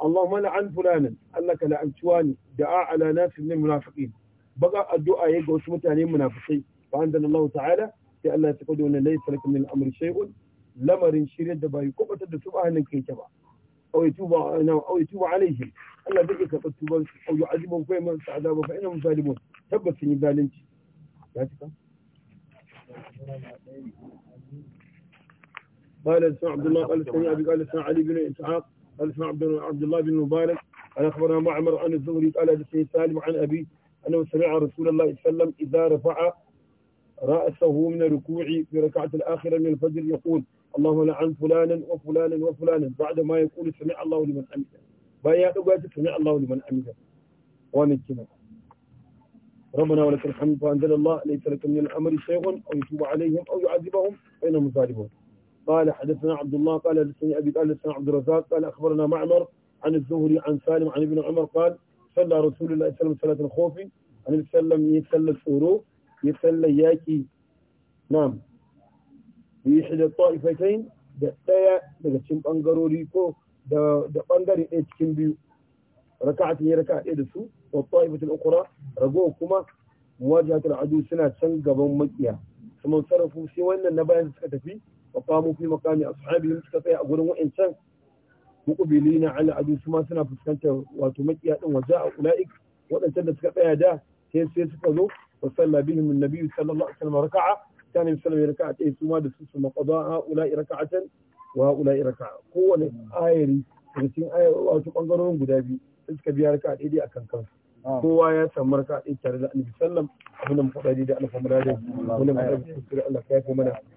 Allahumma la'an fulanan Allah ka la'anci wani da'a ala nasin min munafiqin baka addu'a yayin ga wasu mutane munafikai fa anzalallahu ta'ala sai Allah ya tafi da wannan laysa min amri shay'un lamarin shirin da bai kubatar da su ba hannun kai ba aw yatuba na Allah zai ya قال عبد الله قال ابي قال علي بن اسحاق اسمع عبد الله بن مبارك أنا أخبرنا معمر عن الزهري قال حدثني سالم عن أبي أنه سمع رسول الله صلى الله عليه وسلم إذا رفع رأسه من الركوع في ركعة الآخرة من الفجر يقول اللهم لعن فلانا وفلانا وفلانا بعد ما يقول سمع الله لمن حمده بايا دوغات سمع الله لمن حمده وانا كده ربنا ولك الحمد فأنزل الله ليس لك من الأمر شيء أو يتوب عليهم أو يعذبهم فإنهم ظالمون قال حدثنا عبد الله قال حدثني أبي قال حدثنا عبد الرزاق قال أخبرنا معمر عن الزهري عن سالم عن ابن عمر قال صلى رسول الله صلى الله عليه وسلم الخوف عن يتسلم يتسلى الشروع يتسلى ياكي نعم يحدى الطائفتين da ɗaya daga cikin ɓangarori ko da ɓangare ɗaya cikin biyu raka'atin ya raka'a ɗaya da su wa ta'ifatul ukhra rago kuma muwajahatul adu suna can gaban makiya kuma sarrafu sai wannan na bayan suka tafi wa qamu fi maqami ashabihim suka tsaya a gurin wa'ancan muqbilina na adu su suna fuskantar wato makiya din waja a ulaik wadancan da suka tsaya da sai sai suka zo wa salla bihim annabi sallallahu alaihi wasallam raka'a kana sallallahu alaihi raka'a sai su da su su maqada ulai raka'atan wa ulai raka'a kowane ayari daga cikin wato bangarorin guda biyu suka biya raka'a daidai akan kansu kowa ya samu raka'a ɗaya tare da mu da da Allah ya mana